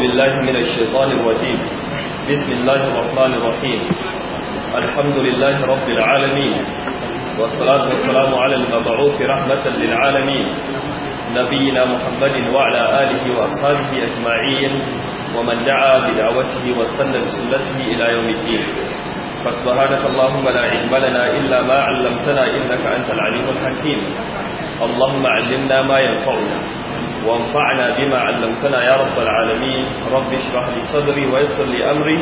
بالله من الشيطان الرجيم بسم الله الرحمن الرحيم الحمد لله رب العالمين والصلاة والسلام على المبعوث رحمة للعالمين نبينا محمد وعلى آله وأصحابه أجمعين ومن دعا بدعوته واستنى بسنته إلى يوم الدين فسبحانك اللهم لا علم لنا إلا ما علمتنا إنك أنت العليم الحكيم اللهم علمنا ما ينفعنا وانفعنا بما علمتنا يا رب العالمين رب اشرح لي صدري ويسر لي أمري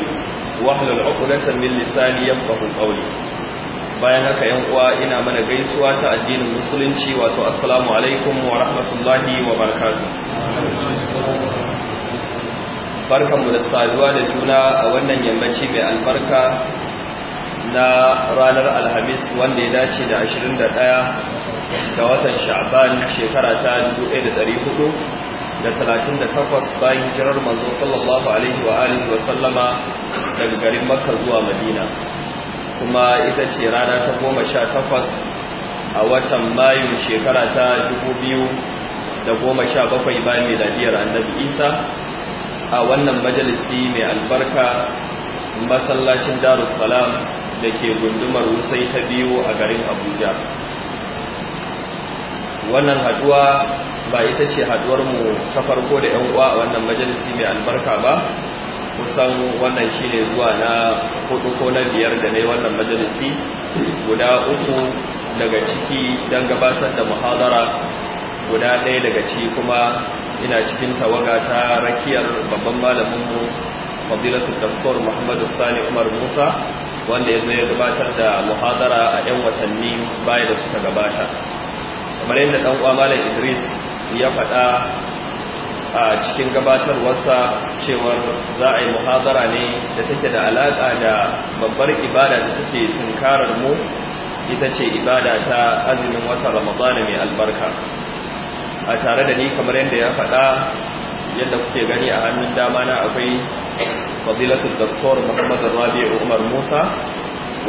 واحلل عقدة من لساني يفقه قولي bayan haka yan uwa ina mana gaisuwa ta addinin musulunci wato assalamu alaikum wa rahmatullahi wa barakatuh mu da saduwa da juna a wannan yammaci mai albarka na ranar alhamis wanda ya dace da 21 ga watan sha'ban shekara ta 1400 da 38 bayan hijirar manzo sallallahu alaihi wa alihi wa sallama daga garin makka zuwa madina kuma ita ce rana ta 18 a watan mayu shekara ta 2017 bayan miladiyar annabi isa a wannan majalisi mai albarka masallacin darussalam da ke gundumar wusai ta biyu a garin abuja wannan haduwa ba ita ce haduwarmu ta farko da 'yan uwa a wannan majalisi mai albarka ba kusan wannan shine zuwa na hudu ko na biyar da ne wannan majalisi guda uku daga ciki don gabatar da muhadara guda ɗaya daga ciki kuma ina cikin tawaga ta rakiyar babban malaminmu fadilatul dr muhammadu sani umar musa wanda ya zo ya gabatar da muhazara a 'yan watanni baya da suka gabata kamar yadda ɗan malam idris ya faɗa a cikin gabatarwarsa cewar za a yi muhazara ne da take da alaƙa da babbar ibada da take tunkarar mu ita ce ibada ta azumin wata ramadana mai albarka a tare da ni kamar yadda ya faɗa yadda kuke gani a hannun dama na akwai fadilatul doktor muhammad rabi umar musa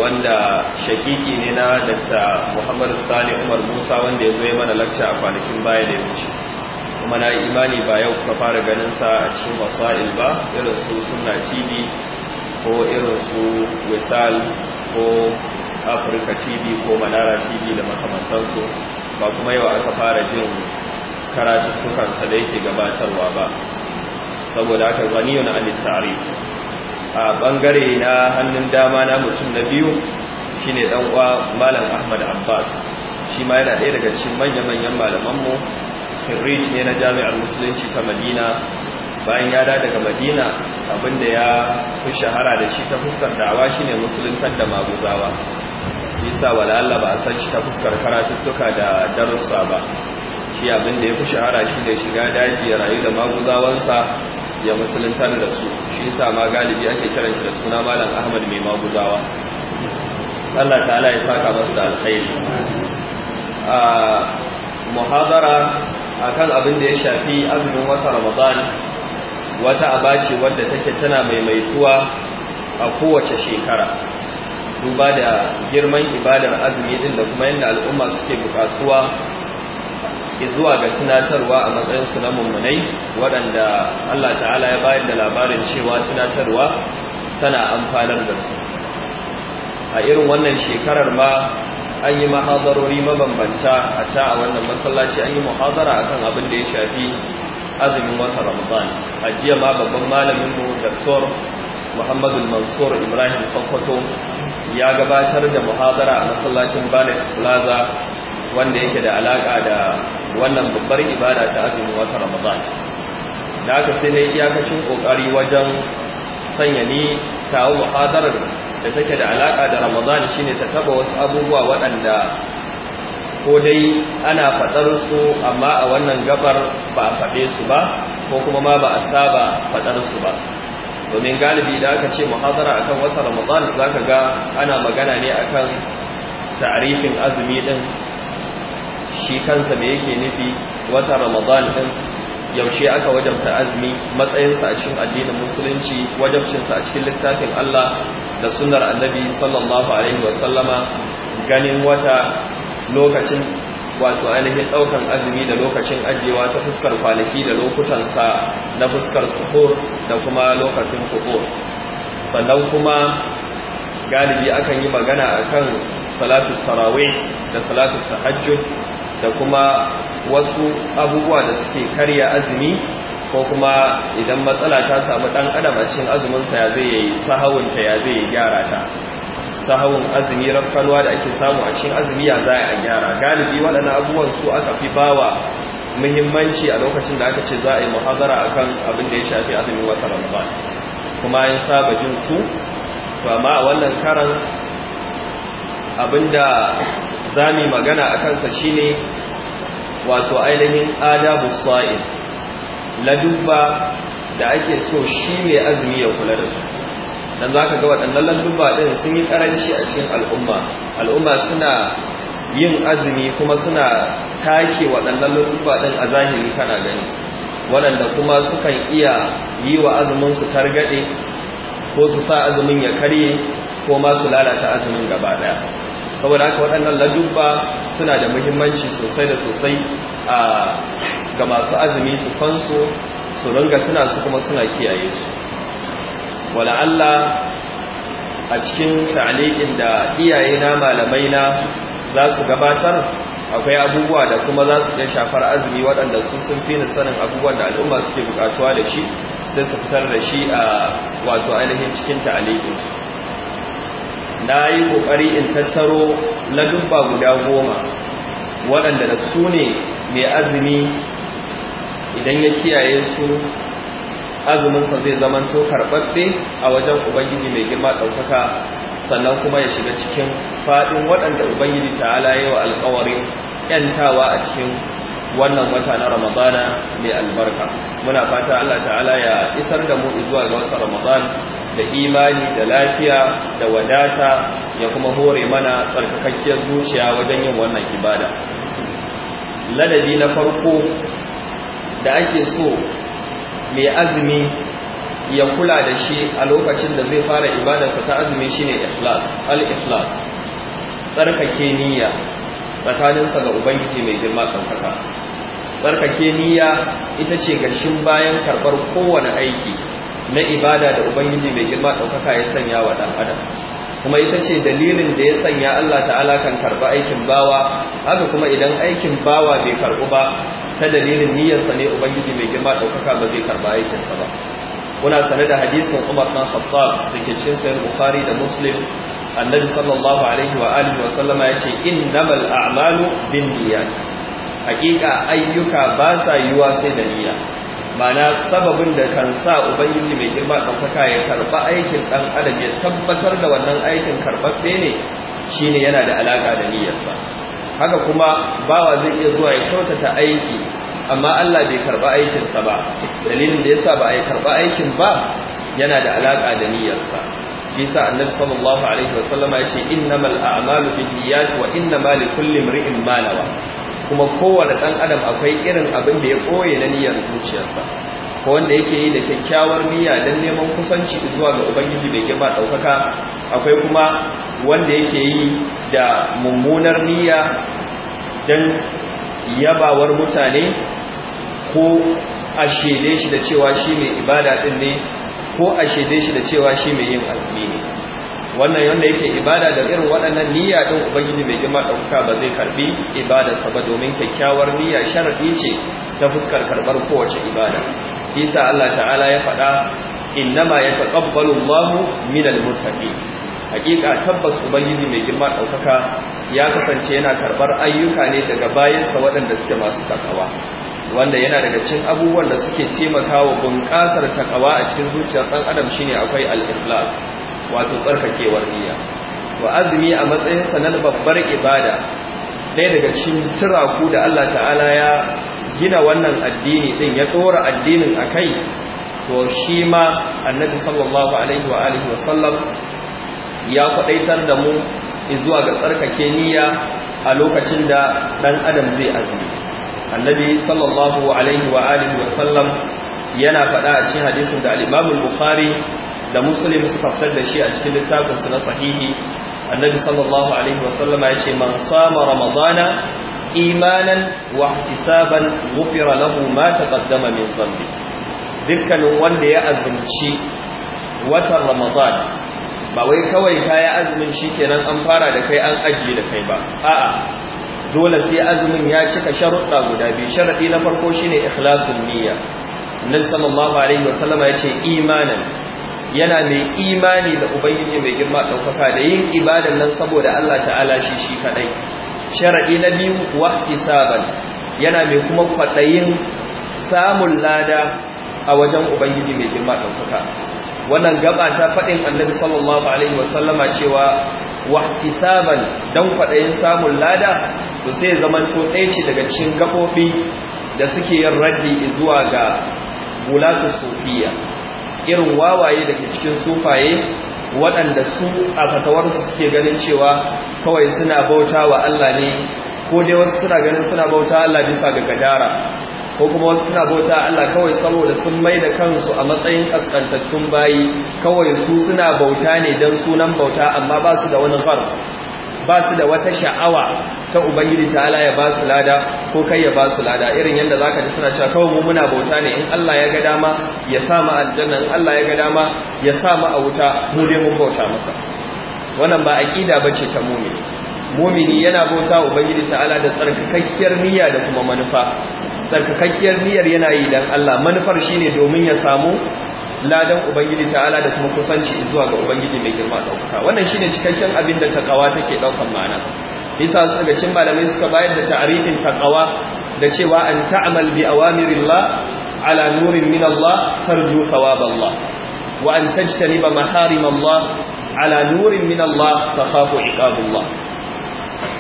wanda shakiki ne na dakta muhammad sani umar musa wanda ya zoye mana lakci a kwanakin baya da ya kuma na yi imani ba yau ka fara ganin sa a cikin wasa'il ba irin su suna tv ko irin su wisal ko afirka tv ko manara tv da makamantansu ba kuma yau aka fara jin karatuttukansa da yake gabatarwa ba saboda haka ghaniyun an tari. a bangare na hannun dama na mutum na biyu shine dan uwa malam Ahmad Abbas shi ma yana ɗaya daga cikin manya-manyan malamanmu Kirrij ne na jami'ar musulunci ta Madina bayan ya dawo daga Madina abinda ya fi shahara da shi ta fuskar shi shine musuluntar da maguzawa yasa wala Allah ba a san shi ta fuskar karatuttuka da darussa ba shi abinda ya fi shahara shi da shiga daji ya rayu da maguzawansa ya musuluntar da su shi yasa ma galibi ake kiran shi da suna malam ahmad mai maguzawa Allah ta'ala ya saka masa da alkhairi a muhadara akan abin da ya shafi azumin wata ramadan wata abaci wadda take tana maimaituwa a kowace shekara duba da girman ibadar azumi din da kuma yadda al'umma suke bukatuwa zuwa ga tunatarwa a matsayin su na mummunai waɗanda Allah ta'ala ya bayar da labarin cewa tunatarwa tana amfanar da su a irin wannan shekarar ma an yi mahazarori mabambanta a ta a wannan masallaci an yi a kan abin da ya shafi azumin wata ramadan a jiya ma babban malaminmu dr muhammadu mansur ibrahim sokoto ya gabatar da muhazara a masallacin banet plaza wanda yake da alaka da wannan babbar ibada ta azumin watan ramadan da aka sai dai iyakacin kokari wajen sanya ni wu muhadarar da take da alaka da ramadan shine ta taba wasu abubuwa waɗanda ko dai ana faɗar su amma a wannan gabar ba a faɗe su ba ko kuma ma ba a saba faɗar su ba domin galibi da aka ce muhadara akan wasa ramadan zaka ga ana magana ne akan ta'arifin azumi din shi kansa me yake nufi wata ramadan din yaushe aka wajabta azumi matsayinsa a cikin addinin musulunci wajabcinsa a cikin littafin Allah da sunnar annabi sallallahu alaihi sallama. ganin wata lokacin wato ainihin daukan azumi da lokacin ajewa ta fuskar kwanaki da sa na fuskar suhur da kuma lokacin suhur sannan kuma galibi akan yi magana akan salatu tarawih da salatu tahajjud da kuma wasu abubuwa da suke karya azumi ko kuma idan matsala ta samu dan adam a cikin azuminsa ya zai yi sahawunta ya zai gyara ta sahawun azumi rafkanwa da ake samu a cikin azumi ya zai a gyara galibi waɗannan abubuwan su aka fi bawa muhimmanci a lokacin da aka ce za a yi muhazara akan abin da ya shafi azumin wata ramadan kuma yin saba jin su to amma a wannan karan abinda Zami magana a kansa shi ne wato ainihin adabu sa'in ladubba da ake so shi ne azumi ya kula da su dan za ka ga waɗannan ladubba ɗin sun yi ƙaranci a cikin al'umma al'umma suna yin azumi kuma suna take waɗannan ladubba ɗin a zahiri kana gani waɗanda kuma sukan iya yi wa azuminsu targaɗe ko su sa azumin ya karye ko ma su lalata azumin gaba ɗaya saboda haka waɗannan ladubba suna da muhimmanci sosai da sosai ga masu azumi su san su su ringa tuna su kuma suna kiyaye su wala Allah a cikin ta'aliqin da iyaye na malamai na za su gabatar akwai abubuwa da kuma za su iya shafar azumi waɗanda su sun fi sanin abubuwan da al'umma suke bukatuwa da shi sai su fitar da shi a wato ainihin cikin ta'aliqin na yi ƙoƙari in tattaro ladubba guda goma waɗanda da su ne mai azumi idan ya kiyaye su azuminsa zai zama to karɓaɓɓe a wajen ubangiji mai girma ɗaukaka sannan kuma ya shiga cikin faɗin waɗanda ubangiji ta yi wa alƙawarin ƴantawa a cikin wannan wata na ramadana mai albarka muna fata allah ta'ala ya isar da mu zuwa ga wata ramadana. da imani da lafiya da wadata ya kuma hore mana tsarkakakkiyar zuciya wajen yin wannan ibada ladabi na farko da ake so mai azumi ya kula da shi a lokacin da zai fara ibadarsa ta azumi shine ikhlas al-ikhlas tsarkake niyya tsakaninsa ga ubangiji mai girma kan tsarkake niyya ita ce gashin bayan karbar kowane aiki na ibada da ubangiji mai girma ɗaukaka ya sanya wa ɗan adam kuma ita ce dalilin da ya sanya Allah ta'ala kan karɓi aikin bawa haka kuma idan aikin bawa bai karɓu ba ta dalilin niyyarsa ne ubangiji mai girma ɗaukaka ba zai karɓi aikinsa ba kuna sane da hadisin Umar ɗan Khattab da ke cikin sayar Bukhari da Muslim annabi sallallahu alaihi wa alihi wa sallama ya ce innamal a'malu bin niyyat haƙiƙa ayyuka ba sa yiwa sai da niyya mana sababin da kan sa ubangiji mai girma ɗaukaka ya karɓa aikin ɗan adam ya tabbatar da wannan aikin karɓaɓɓe ne shine yana da alaƙa da niyyarsa haka kuma bawa zai iya zuwa ya kyautata aiki amma Allah bai karɓa aikinsa ba dalilin da yasa ba a yi karɓa aikin ba yana da alaƙa da niyyarsa bisa annabi sallallahu alaihi wasallam ya ce innamal a'malu niyyati wa innamal likulli imrin ma nawa kuma kowane ɗan adam akwai irin abin da ya ɓoye na niyyar zuciyarsa ko wanda yake yi da kyakkyawar niyya don neman kusanci zuwa ga ubangiji mai girma ɗaukaka akwai kuma wanda yake yi da mummunar niyya don yabawar mutane ko a shaide shi da cewa shi mai ibada ɗin ne ko a shaide shi da cewa shi mai yin azumi ne wannan yadda yake ibada da irin waɗannan niyya din ubangiji mai girma ɗauka ba zai karbi ibadarsa ba domin kyakkyawar niyya sharadi ce ta fuskar karɓar kowace ibada isa Allah ta'ala ya faɗa innama yataqabbalu Allahu minal muttaqin hakika tabbas ubangiji mai girma ɗaukaka ya kasance yana karɓar ayyuka ne daga bayansa waɗanda suke masu takawa wanda yana daga cikin abubuwan da suke taimakawa bunƙasar takawa a cikin zuciyar ɗan adam shine akwai al-ikhlas wato tsarkake wasiya wa azumi a matsayin sanar babbar ibada ɗaya daga cikin turaku da Allah ta'ala ya gina wannan addini din ya ɗora addinin a kai, to shi ma annabi sallallahu alaihi wa alihi wasallam ya kwadaitar da mu zuwa ga tsarkake niyya a lokacin da ɗan adam zai azumi annabi sallallahu alaihi wa alihi wasallam yana faɗa a cikin hadisin da al-imam al-bukhari da muslim su fitar da shi a cikin littafinsu na sahihi annabi sallallahu alaihi wasallam ya ce man sama ramadana imanan wa ihtisaban ghufira lahu ma taqaddama min dhanbi dukkanin wanda ya azumci watan ramadan ba wai kawai kaya azumin shikenan an fara da kai an ajiye da kai ba a'a dole sai azumin ya cika sharuɗa guda biyu sharaɗi na farko shine ikhlasun niyya nan sallallahu alaihi wasallama yace imanan yana mai imani da ubangiji mai girma ɗaukaka da yin ibadan nan saboda Allah ta'ala shi shi kadai shar'i na biyu wahtisaban yana mai kuma kwaɗayin samun lada a wajen ubangiji mai girma ɗaukaka wannan gaba ta faɗin annabi sallallahu alaihi wasallama cewa hisaban dan kwaɗayin samun lada to sai zamanto ɗaya ce daga cikin gabobi da suke yin raddi zuwa ga bulatu sufiya irin wawaye da ke cikin sufaye waɗanda su a fatawarsu suke ganin cewa kawai suna bauta wa Allah ne ko dai wasu suna ganin suna bauta Allah bisa ga gadara ko kuma wasu suna bauta Allah kawai saboda sun mai da kansu a matsayin kaskantattun bayi kawai su suna bauta ne don sunan bauta amma ba su da wani farf ba su da wata sha'awa ta ubangiji ta'ala ya ba su lada ko kai ya ba su lada irin yadda zaka ji suna cewa kawai mu muna bauta ne in Allah ya ga dama ya sa mu aljanna Allah ya ga dama ya sa mu a wuta mu dai mun bauta masa wannan ba aqida ce ta mu'mini mu'mini yana bauta ubangiji ta'ala da tsarkakakkiyar niyya da kuma manufa tsarkakakkiyar niyyar yana yi dan Allah manufar shine domin ya samu ladan ubangiji ta'ala da kuma kusanci zuwa ga ubangiji mai girma ɗaukaka wannan shine cikakken abin da takawa take ɗaukan ma'ana bisa daga cikin malamai suka bayar da ta'arifin taqawa da cewa an ta'mal bi awamirillah ala nurin min Allah tarju thawaballah wa an tajtaniba maharimallah ala nurin min Allah takhafu iqaballah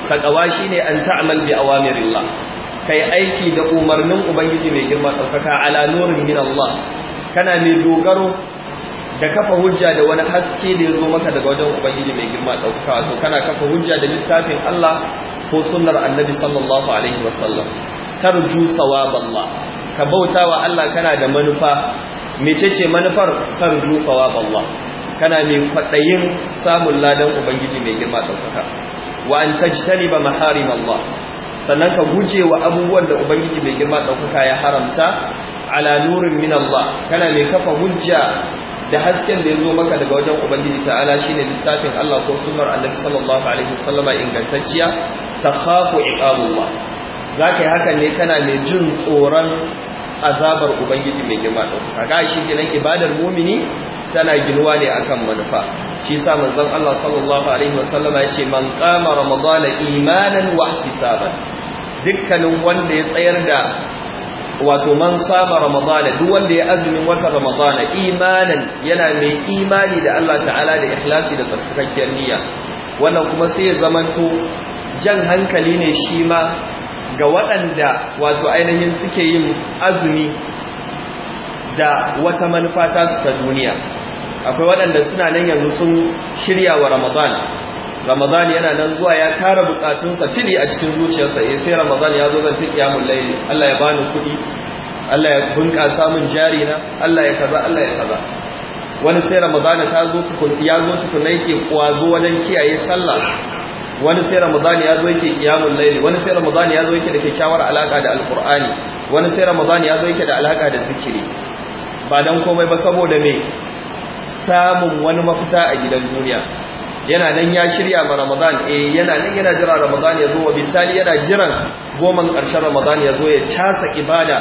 taqawa shine an ta'mal bi awamirillah kai aiki da umarnin ubangiji mai girma daukaka ala nurin min Allah kana mai dogaro da kafa hujja da wani haske da ya zo maka daga wajen ubangiji mai girma ɗaukaka to kana kafa hujja da littafin Allah ko sunnar annabi sallallahu alaihi wasallam tarju sawaballah ka bauta wa Allah kana da manufa ce manufar tarju sawaballah kana mai kwaɗayin samun ladan ubangiji mai girma ɗaukaka wa an tajtaniba maharim Allah sannan ka guje wa abubuwan da ubangiji mai girma ɗaukaka ya haramta ala nurin min Allah kana mai kafa hujja da hasken da ya zo maka daga wajen ubangiji ta'ala shine littafin Allah ko sunnar annabi sallallahu alaihi wasallama ingantacciya takhafu iqabullah zaka yi hakan ne kana mai jin tsoron azabar ubangiji mai girma da kaga shi kenan ibadar mumini tana ginuwa ne akan manufa shi yasa manzon Allah sallallahu alaihi wasallama yace man qama ramadana imanan wa ihtisaban dukkanin wanda ya tsayar da wato man saba ramadana duk wanda ya azumin wata ramadana imanan yana mai imani da Allah ta'ala da ikhlasi da tsarkakakkiyar niyya wannan kuma sai ya zamanto jan hankali ne shi ma ga waɗanda wato ainihin suke yin azumi da wata manufa ta duniya akwai waɗanda suna nan yanzu sun shirya wa ramadan ramadan yana nan zuwa ya tara bukatunsa tiri a cikin zuciyarsa eh sai ramadan ya zo zan fi kiyamul layli Allah ya bani kuɗi Allah ya bunƙasa min jari na Allah ya kaza Allah ya kaza wani sai ramadan ta zo tukun ya zo tukun yake kwazo wajen kiyaye sallah wani sai ramadan ya zo yake kiyamul layli wani sai ramadan ya zo yake da kyakkyawar alaka da alqur'ani wani sai ramadan ya zo yake da alaka da zikiri ba dan komai ba saboda me samun wani mafita a gidan duniya yana nan ya shirya ma ramadan eh yana nan yana jira ramadan ya zo wa bisali yana jiran goman ƙarshen ramadan ya zo ya casa ibada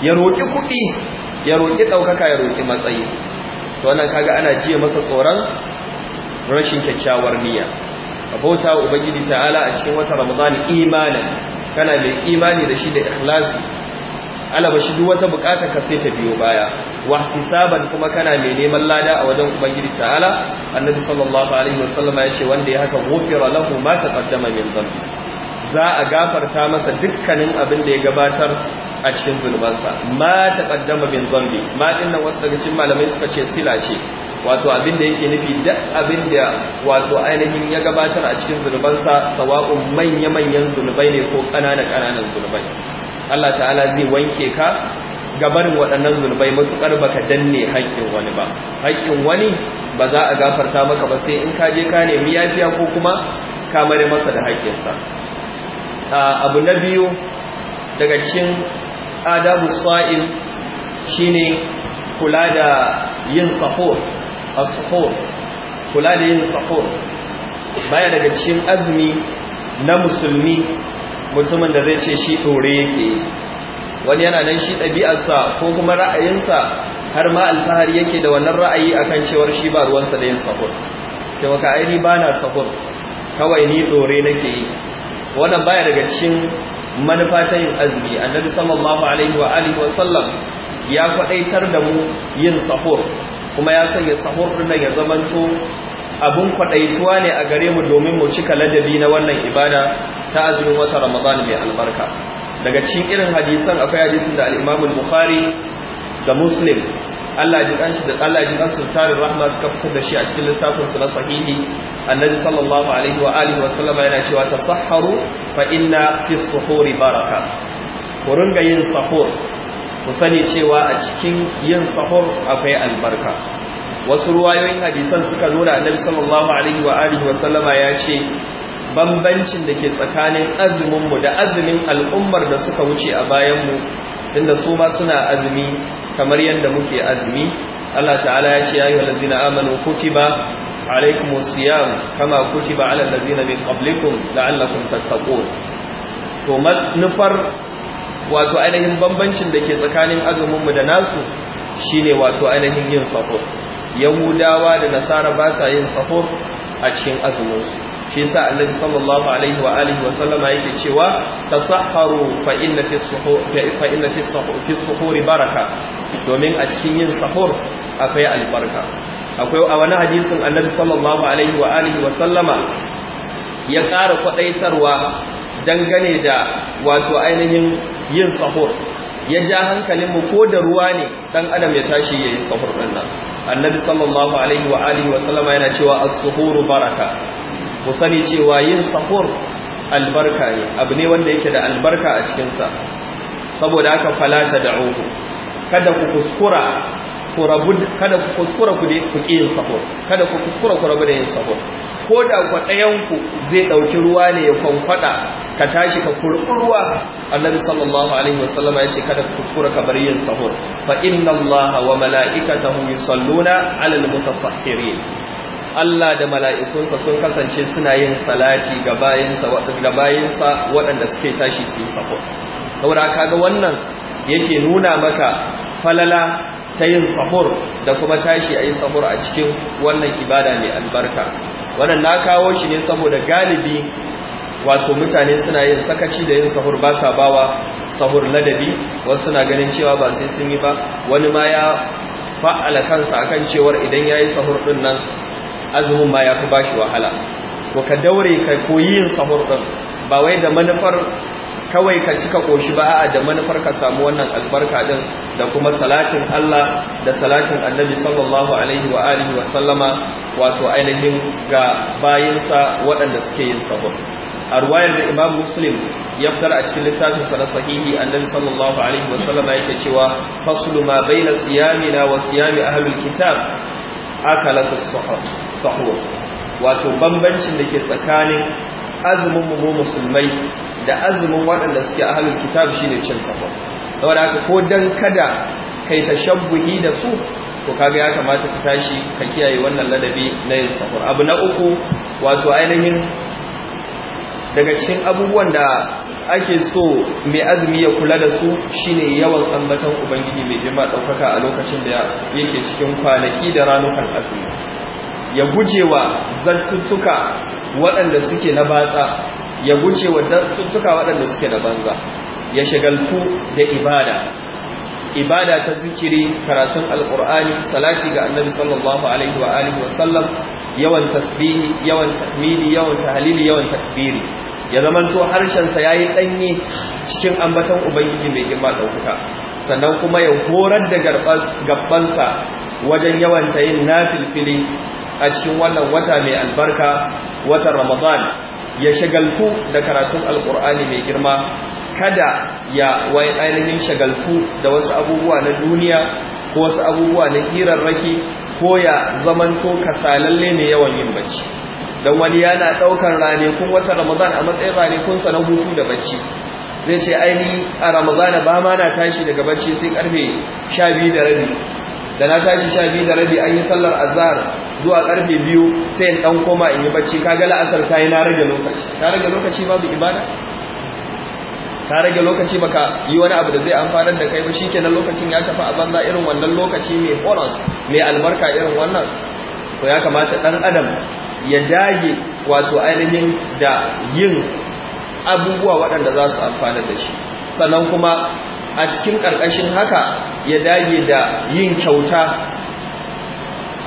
ya roƙi kuɗi ya roƙi ɗaukaka ya roƙi matsayi to wannan kaga ana jiya masa tsoron rashin kyakkyawar niyya abota ubangiji ta'ala a cikin wata ramadan imanin kana mai imani da shi da ikhlasi shi duk wata bukata ka sai ta biyo baya wa hisaban kuma kana mai neman lada a wajen ubangiji ta'ala annabi sallallahu alaihi wasallam ya ce wanda ya haka ghufira lahu ma taqaddama min dhanbi za a gafarta masa dukkanin abin da ya gabatar a cikin zulmansa ma taqaddama min dhanbi ma dinnan wasu daga cikin malamai suka ce sila ce wato abin da yake nufi da abin da wato ainihin ya gabatar a cikin sa, sawa'un manya-manyan zunubai ne ko ƙananan-ƙananan zunubai Allah ta'ala zai wanke ka gabarin waɗannan zunubai matuƙar baka danne haƙƙin wani ba haƙƙin wani ba za a gafarta maka ba sai in ka je ka nemi yafiya ko kuma ka mare masa da haƙƙinsa abu na biyu daga cikin adabu sa'il shine kula da yin sahur as-sahur kula da yin sahur baya daga cikin azumi na musulmi mutumin da zai ce shi ɗore yake wani yana nan shi ɗabi'arsa ko kuma ra'ayinsa har ma alfahari yake da wannan ra'ayi akan cewar shi ba ruwansa da yin sahur ke maka aini ba na sahur kawai ni ɗore nake yi wannan baya daga cikin manufa ta yin azumi annabi sallallahu alaihi wa alihi wa sallam ya faɗaitar da mu yin sahur kuma ya sanya sahur ɗin ya zamanto abun kwadaituwa ne a gare mu domin mu cika ladabi na wannan ibada ta azumin wata ramadan mai albarka daga cikin irin hadisan akwai hadisin da al-imam al-bukhari da muslim Allah ya kanshi da Allah tarin rahma suka fitar da shi a cikin littafin na sahihi annabi sallallahu alaihi wa alihi wa sallama yana cewa tasahharu fa inna fi suhuri baraka ku ringa yin sahur ku sani cewa a cikin yin sahur akwai albarka wasu ruwayoyin hadisan suka nuna annabi sallallahu alaihi wa alihi wa sallama ya ce bambancin da ke tsakanin azumin mu da azumin al'ummar da suka wuce a bayan mu tunda su ma suna azumi kamar yadda muke azumi Allah ta'ala ya ce ya ayyuhal ladzina amanu kutiba alaykumus siyam kama kutiba alal ladzina min qablikum la'allakum tattaqun to nufar wato ainihin bambancin da ke tsakanin azumin mu da nasu shine wato ainihin yin safar yahudawa da nasara ba sa yin sahur a cikin azuminsu shi yasa annabi sallallahu alaihi wa alihi wa sallama yake cewa tasahharu fa inna fi suhur fa inna fi suhur fi suhur baraka domin a cikin yin sahur akwai albarka akwai a wani hadisin annabi sallallahu alaihi wa alihi wa sallama ya ƙara kwadaitarwa dangane da wato ainihin yin sahur ya ja hankalinmu ko da ruwa ne dan adam ya tashi yayin sahur din nan annabi sallallahu alaihi wa alihi wa sallama yana cewa as-suhuru baraka ku sani cewa yin sahur albarka ne abu ne wanda yake da albarka a cikin sa saboda haka fala tad'uhu kada ku kuskura ku rabu kada ku kuskura ku ku yin sahur kada ku kuskura ku da yin sahur ko da ku zai ɗauki ruwa ne ya kwankwada ka tashi ka kurɓi ruwa annabi sallallahu alaihi wasallam ya ce kada ku kuskura ka bar yin sahur fa inna allaha wa mala'ikatahu yusalluna 'alal mutasahhirin Allah da mala'ikunsa sun kasance suna yin salati ga bayansa waɗanda suke tashi su yi sahur. Saura kaga wannan yake nuna maka falala ta yin sahur da kuma tashi a yi sahur a cikin wannan ibada mai albarka wannan na kawo shi ne saboda galibi wato mutane suna yin sakaci da yin sahur ba sa bawa sahur ladabi wasu suna ganin cewa ba sai sun yi ba wani ma ya fa'ala kansa akan cewar idan ya yi sahur ɗin nan azumin ma ya fi ba shi wahala Ko ka daure ka koyi yin sahur ɗin ba wai da manufar kawai ka cika koshi ba a da manufar ka samu wannan albarka din da kuma salatin Allah da salatin Annabi sallallahu alaihi wa alihi wa sallama wato ainihin ga bayinsa waɗanda suke yin sabon. a ruwayar da Imam Muslim ya a cikin littafin sa na sahihi Annabi sallallahu alaihi wa sallama yake cewa faslu ma baina siyamina wa siyami ahlul kitab akalat as-sahur wato bambancin da ke tsakanin azumin mu musulmai da azumin waɗanda suke a halin kitab shine cin safar da aka ko dan kada kai ta tashabbuhi da su to kaga ya kamata ka tashi ka kiyaye wannan ladabi na yin safon abu na uku wato ainihin daga cikin abubuwan da ake so mai azumi ya kula da su shine yawan ambatan ubangiji mai jima ɗaukaka a lokacin da yake cikin kwanaki da ranukan azumi ya guje wa zartuttuka waɗanda suke na batsa ya guce wa tuntuka waɗanda suke da banza ya shagaltu da ibada ibada ta zikiri karatun alkur'ani salati ga annabi sallallahu alaihi wa alihi wa sallam yawan tasbihi yawan tahmidi yawan tahlili yawan takbiri ya zamanto harshen sa yayi danye cikin ambaton ubangiji mai girma dauka sannan kuma ya horar da gabban sa wajen yawan tayin nafilfili a cikin wannan wata mai albarka watan ramadan ya shagaltu da karatun alkur'ani mai girma kada ya wai ainihin shagaltu da wasu abubuwa na duniya ko wasu abubuwa na hirarraki ko ya zamanto kasalalle ne yawan yin bacci don wani yana ɗaukar ranakun wata ramadan a matsayin ranakunsa na hutu da bacci zai ce ainihi a ramadan ba ma na tashi daga bacci sai karfe sha biyu da rabi da na tashi sha biyu da rabi an yi sallar azhar zuwa karfe biyu sai in dan koma in yi bacci kaga la'asar ta yi na rage lokaci ka rage lokaci babu ibada ka rage lokaci baka yi wani abu da zai amfanar da kai ba shikenan lokacin ya tafi a banza irin wannan lokaci mai bonus mai albarka irin wannan to ya kamata dan adam ya dage wato ainihin da yin abubuwa waɗanda za su amfana da shi sannan kuma a cikin ƙarƙashin haka ya dage da yin kyauta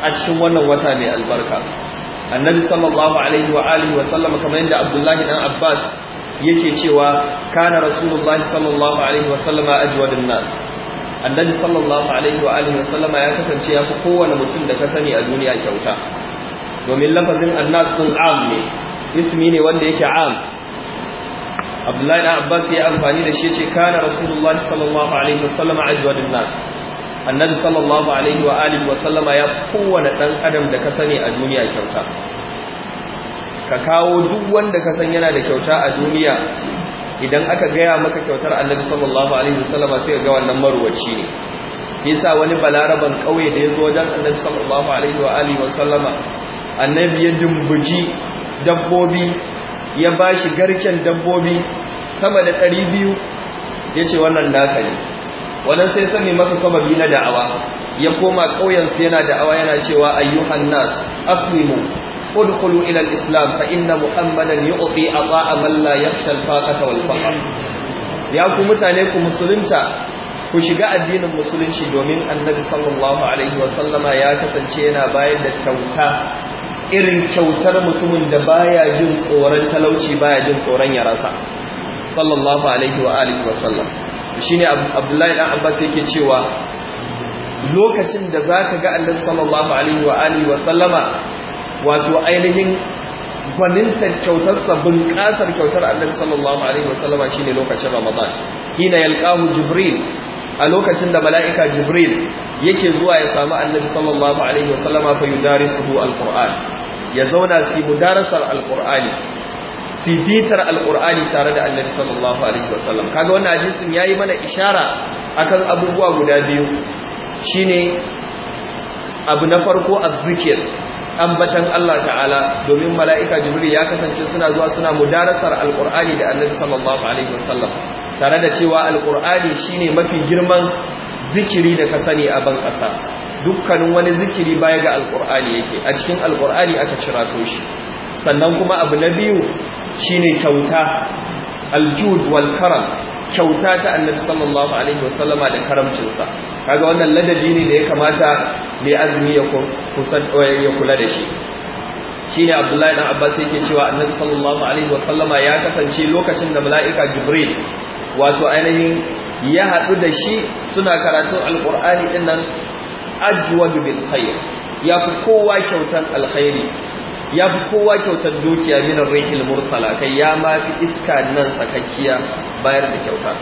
a cikin wannan wata mai albarka annabi sallallahu alaihi wa alihi wa sallam kamar yadda abdullahi dan abbas yake cewa kana rasulullahi sallallahu alaihi wa sallama ajwadun nas annabi sallallahu alaihi wa alihi wa sallama ya kasance ya fi kowane mutum da ka sani a duniya kyauta domin lafazin annas din am ne ismi ne wanda yake am abdullahi na abbas ya amfani da shi ce kana rasulullahi sallallahu alaihi wasallam ajwadun nas annabi sallallahu alaihi wa alihi wasallama ya kowane dan adam da ka sani a duniya kyauta ka kawo duk wanda ka san yana da kyauta a duniya idan aka gaya maka kyautar annabi sallallahu alaihi wasallama sai ka ga wannan maruwaci ne yasa wani balaraban kauye da ya zo wajen annabi sallallahu alaihi wa alihi wasallama annabi ya dumbuji dabbobi ya ba shi garken dabbobi sama da ɗari biyu ya ce wannan naka ne wannan sai sami masa sababi na da'awa ya koma ƙauyensu yana da'awa yana cewa ayyuhan nas aslimu udkhulu ila islam fa inna muhammadan yu'ti ata'a man la yakhsha al wal faqr ya ku mutane ku musulunta ku shiga addinin musulunci domin annabi sallallahu alaihi wa sallama ya kasance yana bayar da kyauta irin kyautar mutumin da baya jin tsoron talauci baya jin tsoron ya rasa sallallahu alaihi wa alihi wa sallam shine abdullahi dan abbas yake cewa lokacin da zaka ga annabi sallallahu alaihi wa alihi wa sallama wato ainihin gwanintar kyautarsa bunƙasar kyautar annabi sallallahu alaihi wa sallama shine lokacin ramadan hina yalqahu jibril a lokacin da mala'ika jibril yake zuwa ya samu annabi sallallahu alaihi wasallama fa al alquran ya zauna su yi al alqurani su yi bitar alqurani tare da annabi sallallahu alaihi wasallam kaga wannan hadisin yi mana ishara akan abubuwa guda biyu shine abu na farko azzikir ambatan Allah ta'ala domin mala'ika jibril ya kasance suna zuwa suna mudarasar alqur'ani da annabi sallallahu alaihi wasallam tare da cewa alkur'ani shine mafi girman zikiri da ka sani a ban ƙasa dukkanin wani zikiri baya ga alkur'ani yake a cikin alkur'ani aka cira to shi sannan kuma abu na biyu shine kyauta aljud wal karam kyauta ta annabi sallallahu alaihi wasallama da karamcinsa kaga wannan ladabi ne da ya kamata mai azumi ya kula da shi shine Abdullahi dan Abbas yake cewa Annabi sallallahu alaihi wa ya kasance lokacin da mala'ika Jibril wato ainihin ya haɗu da shi suna karatun alƙur'ani ɗin nan ajwadu bil khair ya fi kowa kyautan alkhairi ya fi kowa kyautar dukiya minar rihil mursala kai ya ma fi iska nan sakakkiya bayar da kyauta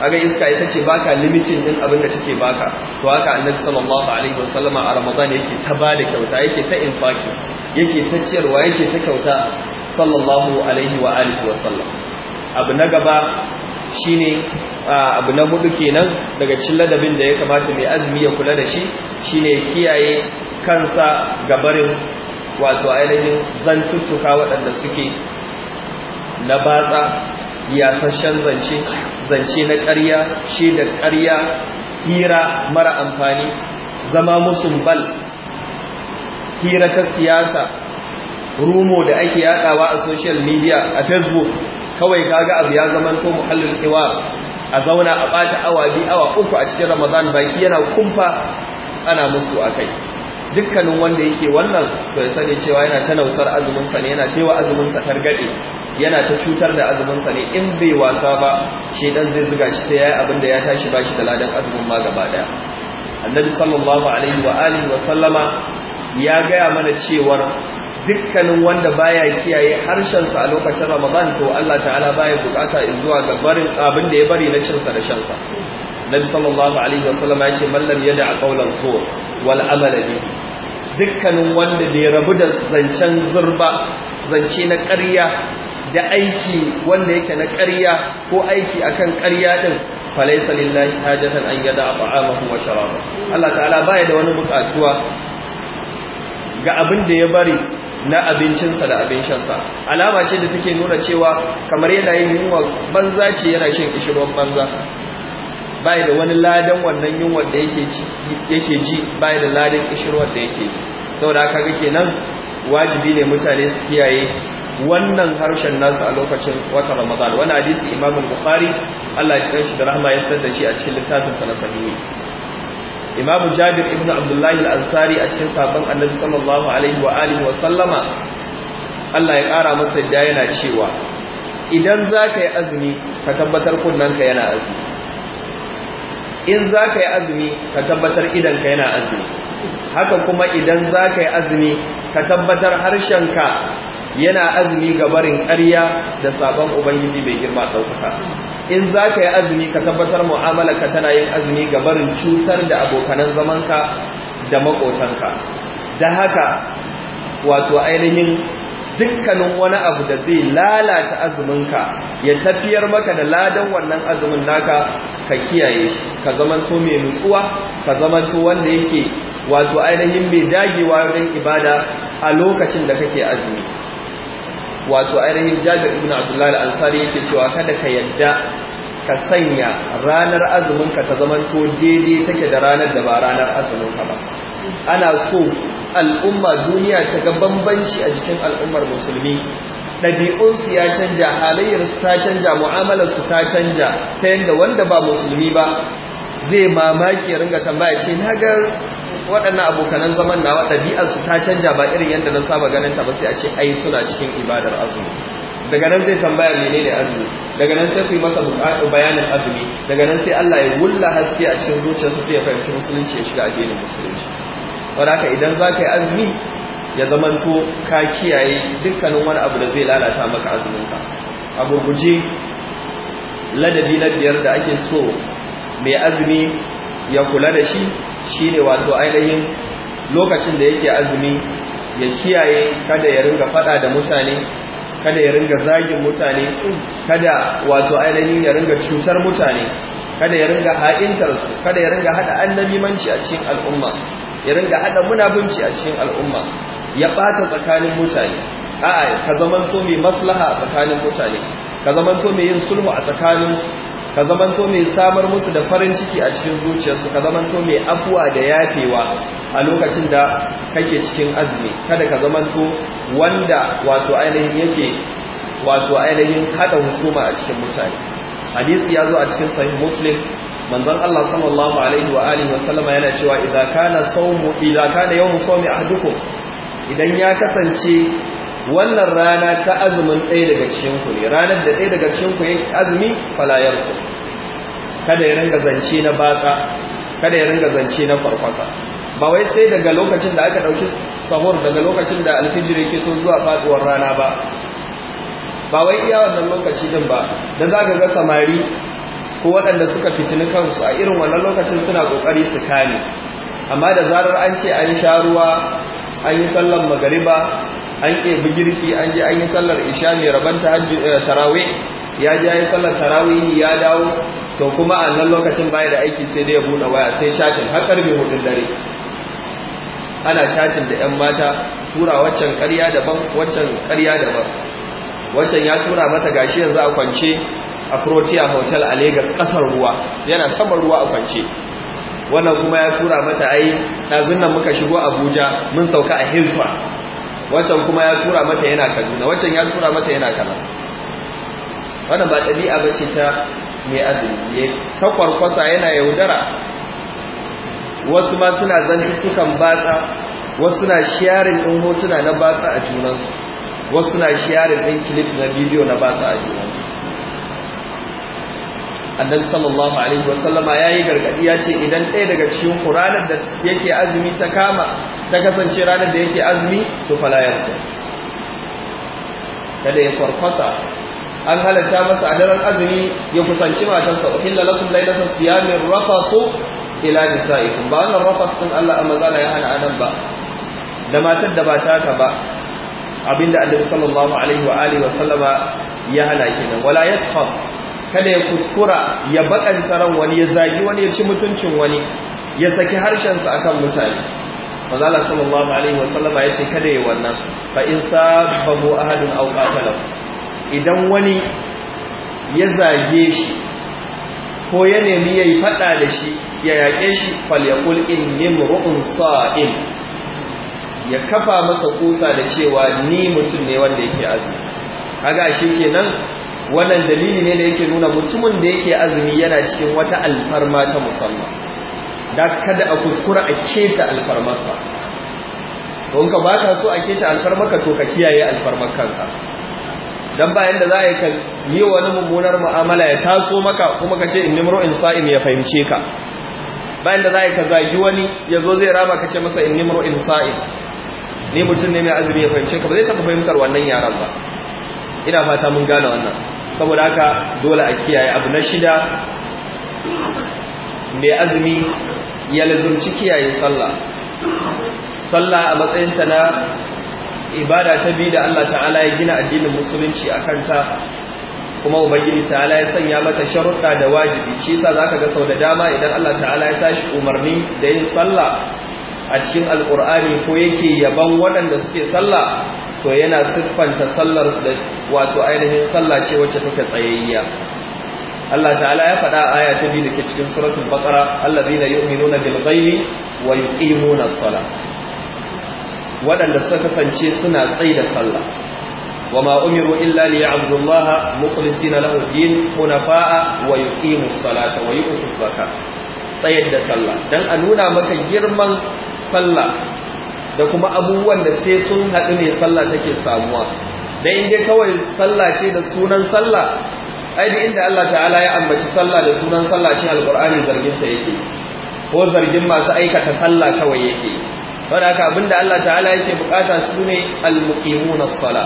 aga iska ita ce baka limitin din abin da take baka to haka annabi sallallahu alaihi wasallama a ramadan yake ta bada kyauta yake ta infaki yake ta ciyarwa yake ta kyauta sallallahu alaihi wa alihi wasallam abu na gaba ne abu na hudu kenan daga cikin ladabin da ya kamata mai azumi ya kula da shi shine kiyaye kansa ga barin wato ainihin zantuttuka waɗanda suke na batsa yasashen zance zance na ƙarya shi da ƙarya hira mara amfani zama musu musumbal hira ta siyasa rumo da ake yadawa a social media a facebook kawai kaga abu ya zamanto muhallin hiwa a zauna a bata awa bi awa uku a cikin ramadan baki yana kumfa ana musu akai dukkanin wanda yake wannan to ya sani cewa yana ta nausar azumin sa ne yana taiwa azumin sa targade yana ta cutar da azumin sa ne in bai wasa ba shedan zai zuga shi sai yayi abin da ya tashi bashi da ladan azumin ma gaba daya annabi sallallahu alaihi wa alihi wa sallama ya gaya mana cewar dukkanin wanda baya kiyaye harshensa a lokacin Ramadan to Allah ta'ala baya bukata in zuwa ga barin abin da ya bari na cinsa da shansa Nabi sallallahu alaihi wasallam ya ce mallam yada qawlan zur wal amal bi dukkanin wanda bai rabu da zancen zurba zance na ƙarya da aiki wanda yake na ƙarya ko aiki akan ƙarya din falaysa lillahi hajatan an yada ta'amahu wa sharabahu Allah ta'ala baya da wani bukatuwa ga abin da ya bari na abincinsa da abin shansa alama ce da take nuna cewa kamar yana yin yunwa banza ce yana shan kishirwan banza bai da wani ladan wannan yunwa da yake ji bai da ladan kishirwar da yake Sau saboda aka ga kenan wajibi ne mutane su kiyaye wannan harshen nasu a lokacin wata ramadan wani hadisi imamul bukhari Allah ya kanshi da rahama ya fitar da shi a cikin littafin sa na sahihi imam jabir ibn abdullahi al-ansari a cikin sabon annabi sallallahu alaihi wa alihi wa sallama Allah ya ƙara masa da yana cewa idan za ka yi azumi ka tabbatar kunnanka yana azumi in za yi azumi ka tabbatar idanka yana azumi haka kuma idan za yi azumi ka tabbatar harshenka yana azumi ga barin ƙarya da sabon ubangiji bai girma ɗaukaka in za ka yi azumi ka tabbatar mu'amala ka tana yin azumi ga barin cutar da abokanan zamanka da makotanka da haka wato ainihin dukkanin wani abu da zai lalata azuminka ya tafiyar maka da ladan wannan azumin naka ka kiyaye shi ka zamanto mai nutsuwa ka zamanto wanda yake wato ainihin mai dagewa wajen ibada a lokacin da kake azumi wato ainihin jabir ibn abdullahi al-ansari yake cewa kada ka yadda ka sanya ranar azumin ka ta zamanto daidai take da ranar da ba ranar azumin ka ba ana so al'umma duniya ta ga bambanci a jikin al'ummar musulmi ɗabi'unsu ya canja halayyarsu ta canja su ta canja ta yadda wanda ba musulmi ba zai mamaki ya ringa tambaya ce na ga waɗannan abokanan zaman na nawa su ta canja ba irin yadda na saba ganin ta ba sai a ce ai suna cikin ibadar azumi daga nan zai tambaya ne azumi daga nan sai ku yi masa bayanin azumi daga nan sai Allah ya wulla haske a cikin zuciyarsa sai ya fahimci musulunci ya shiga addinin musulunci wanda haka idan za ka yi azumi ya zamanto ka kiyaye dukkanin wani abu da zai lalata maka azuminka a gurguje ladabi na biyar da ake so mai azumi ya kula da shi shi ne wato ainihin lokacin da yake azumi ya kiyaye kada ya ringa fada da mutane kada ya ringa zagin mutane kada wato ainihin ya ringa cutar mutane kada ya ringa ha'intar su kada ya ringa hada annabimanci a cikin al'umma ya ringa hada munafunci a cikin al'umma ya bata tsakanin mutane a'a ka zamanto mai maslaha a tsakanin mutane ka zamanto mai yin sulhu a tsakanin ka zamanto mai samar musu da farin ciki a cikin zuciyarsu ka zamanto mai afuwa da yafewa a lokacin da kake cikin azumi kada ka zamanto wanda wato ainihin yake wato ainihin hada husuma a cikin mutane hadisi ya zo a cikin sahih muslim manzon Allah sallallahu alaihi wa alihi wa sallama yana cewa idza kana sawmu idza kana yawmu sawmi ahdukum idan ya kasance wannan rana ta azumin ɗaya daga cikinku ne ranar da ɗaya daga cikinku ya azumi falayar ku kada ya ringa zance na batsa kada ya ringa zance na farfasa ba wai sai daga lokacin da aka ɗauki sahur daga lokacin da alfijir yake to zuwa faɗuwar rana ba ba wai iya wannan lokaci din ba da za ka ga samari ko waɗanda suka fitini kansu a irin wannan lokacin suna ƙoƙari su kame amma da zarar an ce an sha ruwa an yi sallan magariba an ke girki an ji an yi sallar isha mai rabon eh, tarawe ya ji ya yi sallar tarawihi ya dawo to kuma a nan lokacin baya da aiki sai dai ya buɗe waya sai shafin har karfe hudun dare ana shafin da 'yan mata tura waccan ƙarya daban waccan ƙarya daban waccan ya tura mata gashi yanzu a kwance a Protea Hotel a Lagos ƙasar ruwa yana saman ruwa a kwance wannan kuma ya tura mata ai ɗazun nan muka shigo Abuja mun sauka a Hilton wancan kuma ya tura mata yana kaduna wancan ya tura mata yana kana wannan ba ɗabi'a ba ce ta mai azumi ya ta kwarkwasa yana yaudara wasu ma suna zantuttukan batsa wasu na sharing ɗin hotuna na batsa a junansu wasu na sharing ɗin clip na bidiyo na batsa a junansu annabi sallallahu alaihi wasallama yayi gargadi ya ce idan ɗaya daga cikin Qur'anin da yake azumi ta kama ta kasance ranar da yake azumi to fala kada ya farfasa an halarta masa a daren azumi ya kusanci matarsa uhilla lakum laylatan siyamin rafasu ila nisaikum ba wannan rafas din Allah amma zala ya hana anan ba da matar da ba ta ka ba abinda annabi sallallahu alaihi wa alihi wa sallama ya hana kenan wala yaskhab kada ya kuskura ya bakanta ran wani ya zagi wani ya ci mutuncin wani ya saki harshensa sa akan mutane manzala sallallahu alaihi wasallama ya ce kada yi wannan fa in sabahu ahadun aw idan wani ya zage shi ko ya nemi yayi fada da shi ya yaƙe shi in inni mur'un sa'im ya kafa masa kusa da cewa ni mutum ne wanda yake azumi kaga shi kenan wannan dalili ne da yake nuna mutumin da yake azumi yana cikin wata alfarma ta musamman da kada a kuskura a keta alfarmarsa don ka baka so a keta alfarmarka to ka kiyaye alfarmar kanka dan bayan da za a yi ka yi wani mummunar mu'amala ya taso maka kuma ka ce innimru sa'im ya fahimce ka bayan da za a yi ka zagi wani ya zo zai rama ka ce masa innimru sa'im ne mutum ne mai azumi ya fahimce ka ba zai taɓa fahimtar wannan yaran ba ina fata mun gane wannan saboda haka dole a kiyaye abu na shida mai azumi ya lazurci kiyaye sallah sallah a matsayinta na ibada ta biyu da Allah ta'ala ya gina addinin musulunci a kanta kuma ubangiji ta'ala ya sanya mata sharuɗa da wajibi shi yasa zaka ga sau da dama idan Allah ta'ala ya tashi umarni da yin sallah a cikin alkur'ani ko yake yaban waɗanda suke sallah to yana siffanta sallar da wato ainihin sallah ce wacce take tsayayya Allah ta'ala ya faɗa aya ta biyu da ke cikin suratul baqara allazina yu'minuna bil ghaibi wa yuqimuna as-salah waɗanda suka kasance suna tsayi da sallah wama umiru illa liya'budullaha mukhlisina lahu din hunafa'a wa yuqimus salata wa yu'tuz zakat tsayar da sallah dan a nuna maka girman sallah da kuma abubuwan da sai sun haɗu ne sallah take samuwa da inda kawai sallah ce da sunan sallah ai duk inda Allah ta'ala ya ambaci sallah da sunan sallah shi alqur'ani zargin ta yake ko zargin masu aikata sallah kawai yake saboda haka abinda Allah ta'ala yake bukata su ne almuqimuna sala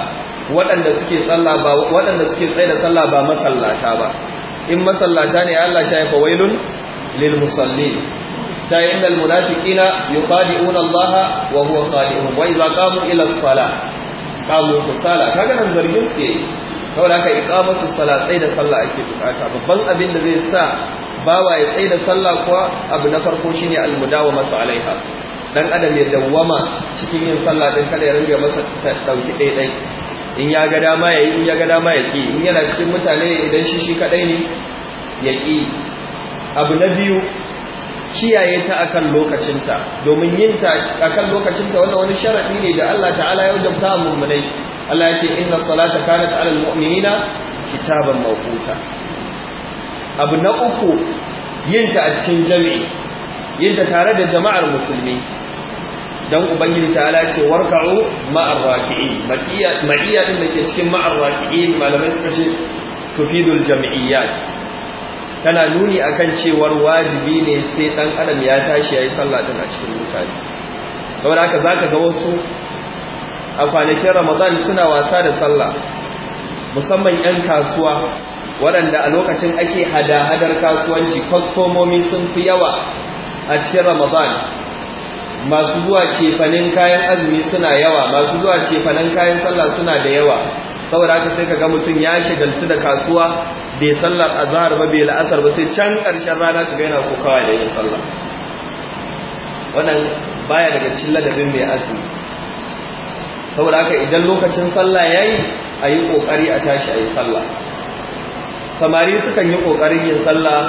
waɗanda suke sallah ba waɗanda suke tsaye da sallah ba masallata ba in masallata ne Allah ya fa wailun lil musallin sai innal munafiqina yuqadi'una Allah wa huwa qadi'un wa idza qamu ila as qamu kusala kaga nan zargin su yake saboda haka iqamatu salatsai da sallah ake bukata babban abin da zai sa bawa ya tsaida sallah kuwa abu na farko shine masu alaiha dan adam ya dawwama cikin yin sallah din kada ya rage masa dauki ɗaiɗai. in ya ga dama ya yi in ya ga dama ya ki in yana cikin mutane idan shi shi kadai ne ya ki abu na biyu kiyaye ta akan lokacinta domin yin ta akan lokacinta wanda wani sharadi ne da Allah ta'ala ya wajabta mu mulai Allah ya ce inna salata kanat 'alal mu'minina kitaban mawquta abu na uku yin ta a cikin jami'i yin ta tare da jama'ar musulmi dan ubangiji ta'ala ce warka'u ma'ar raki'in ma'iya din da ke cikin ma'ar raki'in malamai suka ce tufidul jami'iyat tana nuni a kan cewar wajibi ne sai dan adam ya tashi ya sallah din a cikin mutane saboda haka zaka ga wasu a kwanakin Ramadan suna wasa da sallah musamman yan kasuwa waɗanda a lokacin ake hada-hadar kasuwanci kwastomomi sun fi yawa a cikin Ramadan masu zuwa cefanin kayan azumi suna yawa masu zuwa cefanin kayan sallah suna da yawa saboda haka sai kaga mutum ya shagaltu da kasuwa bai sallar azhar ba bai la'asar ba sai can karshen rana kaga yana kokawa da yin sallah wannan baya daga cikin ladabin mai azumi saboda haka idan lokacin sallah yayi yi kokari a tashi a yi sallah samari sukan yi kokarin yin sallah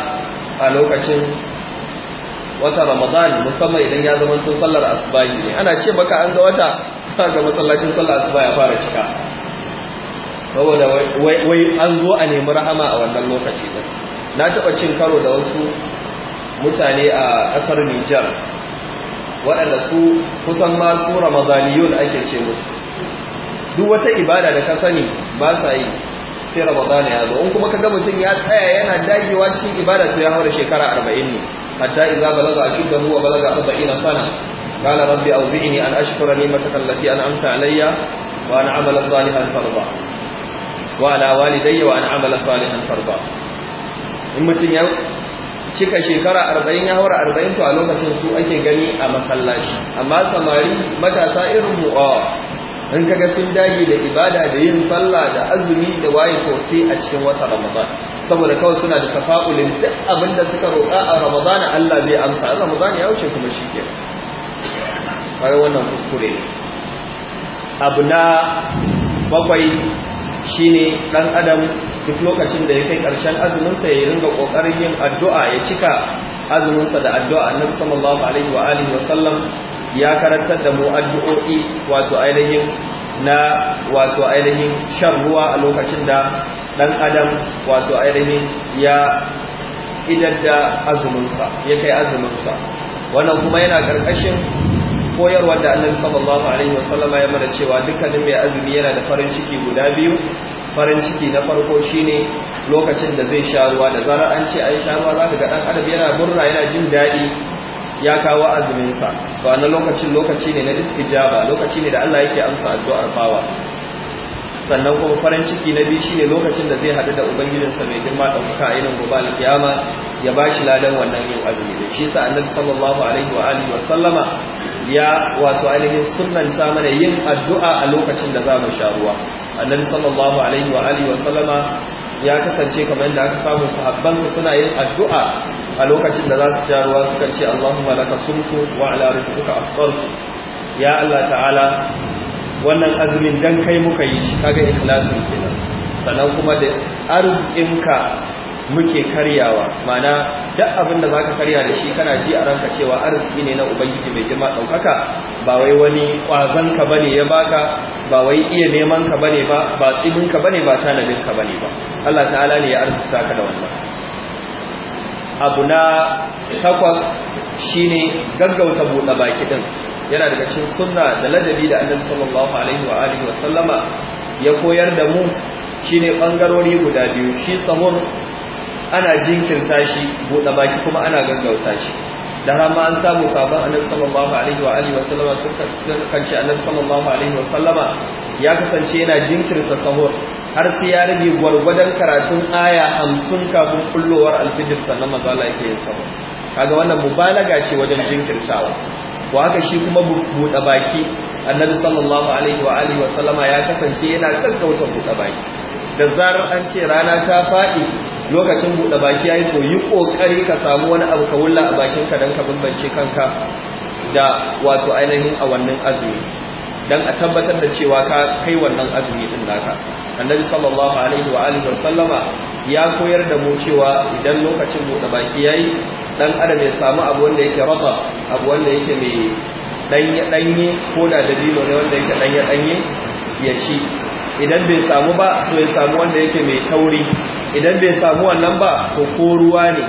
a lokacin wata ramadan musamman idan ya zama sun sallar asubahi ne ana ce baka an ga wata ga masallacin sallar asuba ya fara cika saboda wai an zo a nemi rahama a wannan lokaci din na taɓa cin karo da wasu mutane a ƙasar Nijar waɗanda su kusan ma su ramadaniyun ake ce musu duk wata ibada da ka sani ba sa yi sai ramadan ya zo in kuma kaga mutum ya tsaya yana dagewa cikin ibada sai ya da shekara 40 ne hatta idza balaga akiddahu wa balaga 40 sana qala rabbi awzi'ni an ashkura ni'mataka allati an'amta alayya wa an a'mala salihan farda wa ala walidayya wa an amala salihan farba in mutum ya cika shekara 40 ya hawar 40 to a lokacin su ake gani a masallaci amma samari matasa irin mu a in kaga sun dage da ibada da yin sallah da azumi da waye ko sai a cikin wata ramadan saboda kawai suna da tafa'ulin duk abin da suka roƙa a Ramadan Allah zai amsa ramadan ya wuce kuma ke. kai wannan kuskure abu na bakwai Shi ne ɗan adam duk lokacin da ya kai ƙarshen azuminsa ya yi ringa ƙoƙarin yin addu'a ya cika azuminsa da addu'a annabi sallallahu alaihi wa alihi wa sallam ya karantar da mu addu'o'i wato ainihin na wato ainihin shan ruwa a lokacin da ɗan adam wato ainihin ya idar da azuminsa ya kai azuminsa wannan kuma yana ƙarƙashin. Koyarwa da annabi sallallahu alaihi wasallama ya mana cewa dukkanin mai azumi yana da farin ciki guda biyu farin ciki na farko shine lokacin da zai sha ruwa da zarar an ce ai sha ruwa zaka ga dan adam yana murna yana jin daɗi ya kawo azumin sa to a lokacin lokaci ne na istijaba lokaci ne da Allah yake amsa addu'ar bawa sannan kuma farin ciki na biyu shine lokacin da zai haɗu da sa mai girma da kuka a yinin gobal kiyama ya bashi ladan wannan yin azumi da shi sa annabi sallallahu alaihi wa alihi wa sallama ya wato ainihin sunanta mana yin addu'a a lokacin da za mu sha ruwa annabi sallallahu alaihi wa alihi wa sallama ya kasance kamar yadda aka samu sahabbansa suna yin addu'a a lokacin da za su sha ruwa suka ce Allahumma laka sumtu wa ala rizqika afṭartu ya Allah ta'ala wannan azumin dan kai muka yi shi kaga ikhlasin kenan sannan kuma da arzikinka muke karyawa mana duk abin da zaka karya da shi kana ji a ranka cewa arziki ne na ubangiji mai jima daukaka ba wai wani kwazon ka bane ya baka ba wai iya neman ka bane ba ba tsibin ka bane ba tanadin ka bane ba Allah ta'ala ne ya arzuta ka da wannan abu na takwas shine gaggauta buɗe baki ɗin yana daga cikin sunna da ladabi da annabi sallallahu alaihi wa alihi wa sallama ya koyar da mu shine bangarori guda biyu shi samur ana jinkirta shi buɗe baki kuma ana gaggauta shi da rama an samu sabon annabi sallallahu alaihi wa alihi wa sallama sun kanci annabi sallallahu alaihi wa sallama ya kasance yana jinkirta sahur har sai ya rage gwargwadon karatun aya 50 kafin kullowar alfijir sannan maza Allah yake yin sahur kaga wannan mubalaga ce wajen jinkirtawa ko haka shi kuma buɗe baki annabi sallallahu alaihi wa alihi wa sallama ya kasance yana kakkauta buɗe baki da zarar an ce rana ta faɗi lokacin buɗe baki yi to yi ƙoƙari ka samu wani abu ka wulla a bakin ka don ka bambance kanka da wato ainihin a wannan azumi Don a tabbatar da cewa ka kai wannan azumi ɗin naka annabi sallallahu alaihi wa alihi wa sallama ya koyar da mu cewa idan lokacin buɗe baki yi dan adam ya samu abu wanda yake rafa abu wanda yake mai ɗanye-ɗanye ko da dabino ne wanda yake ɗanye-ɗanye ya ci idan bai samu ba to ya samu wanda yake mai tauri idan bai samu wannan ba to ko ruwa ne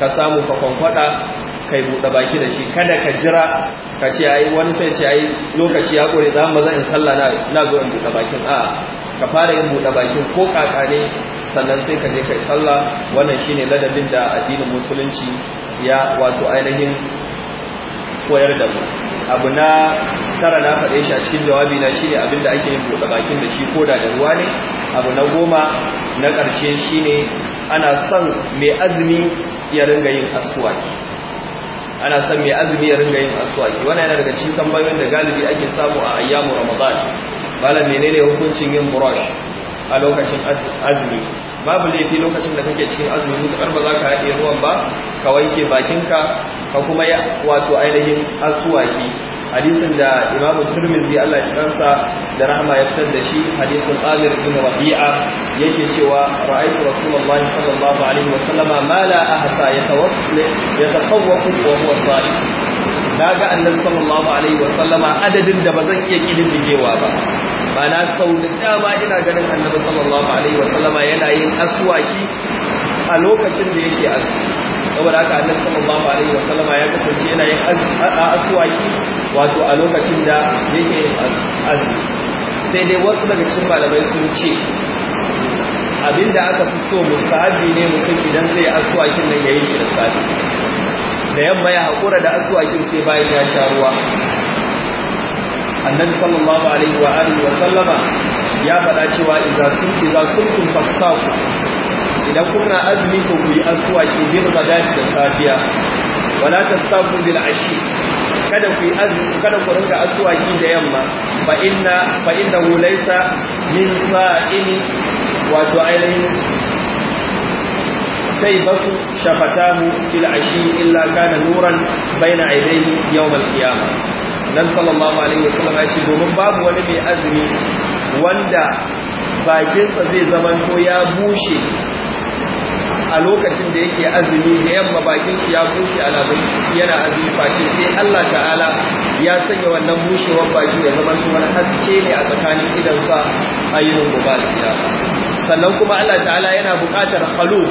ka samu ka kwankwada kai buɗe baki da shi kada ka jira ka ce ai wani sai ce ai lokaci ya kore za mu maza in sallah na na zo in buɗe bakin a ka fara yin buɗe bakin ko kaka ne sannan sai ka je kai sallah wannan shine ladabin da addinin musulunci ya wato ainihin koyar da mu abu na tara na faɗe shi a cikin jawabi na ne abinda ake yin buɗe bakin da shi ko da da ruwa ne abu na goma na ƙarshe ne ana son mai azumi ya ringa yin asuwaki. ana son mai azumi ya ringa yin aswaki wannan yana daga cikin tambayoyin da galibi ake samu a ayyamu ramadan malam menene hukuncin yin brush a lokacin azumi babu laifi lokacin da kake cikin azumi mutakar ba za ka haɗe ruwan ba ka wanke bakinka ka kuma ya wato ainihin asuwaki hadisin da imam turmizi Allah ya kansa da rahama ya fitar da shi hadisin amir ibn rabi'a yake cewa ra'aytu rasulullahi sallallahu alaihi wa sallama ma la ahsa yatawassal yatasawwaq wa huwa salih naga annabi sallallahu alaihi wa sallama adadin da ba zan iya kididdigewa ba ba na sau da dama ina ganin annabi sallallahu alaihi wa sallama yana yin aswaki a lokacin da yake azumi saboda haka annabi sallallahu alaihi wa sallama ya kasance yana yin aswaki wato a lokacin da yake azumi sai dai wasu daga cikin malamai sun ce abinda aka fi so mu mustahabi ne mutum idan zai aswakin nan yayi shi da safi da yamma ya hakura da aswakin sai bayan ya sha ruwa annabi sallallahu alaihi wa alihi wa sallama ya faɗa cewa idza sun idza kuntum fasaku idan kuna azumi ko kuyi yi aswaki bil ghadati da safiya wala tasaku bil ashi kada ku azumi kada ku rinka aswaki da yamma fa inna fa innahu laysa min sa'imi wato ainihin سيبة شفتاه في العشي إلا كان نورا بين عينيه يوم القيامة nan sallallahu alaihi wasallam ya ce domin babu wani mai azumi wanda bakinsa zai zamanto ya bushe a lokacin da yake azumi da yamma bakin ya bushe alamun yana azumi face sai Allah ta'ala ya sanya wannan bushewar baki ya zama wani haske ne a tsakanin idansa a yinin gobe sannan kuma Allah ta'ala yana buƙatar halu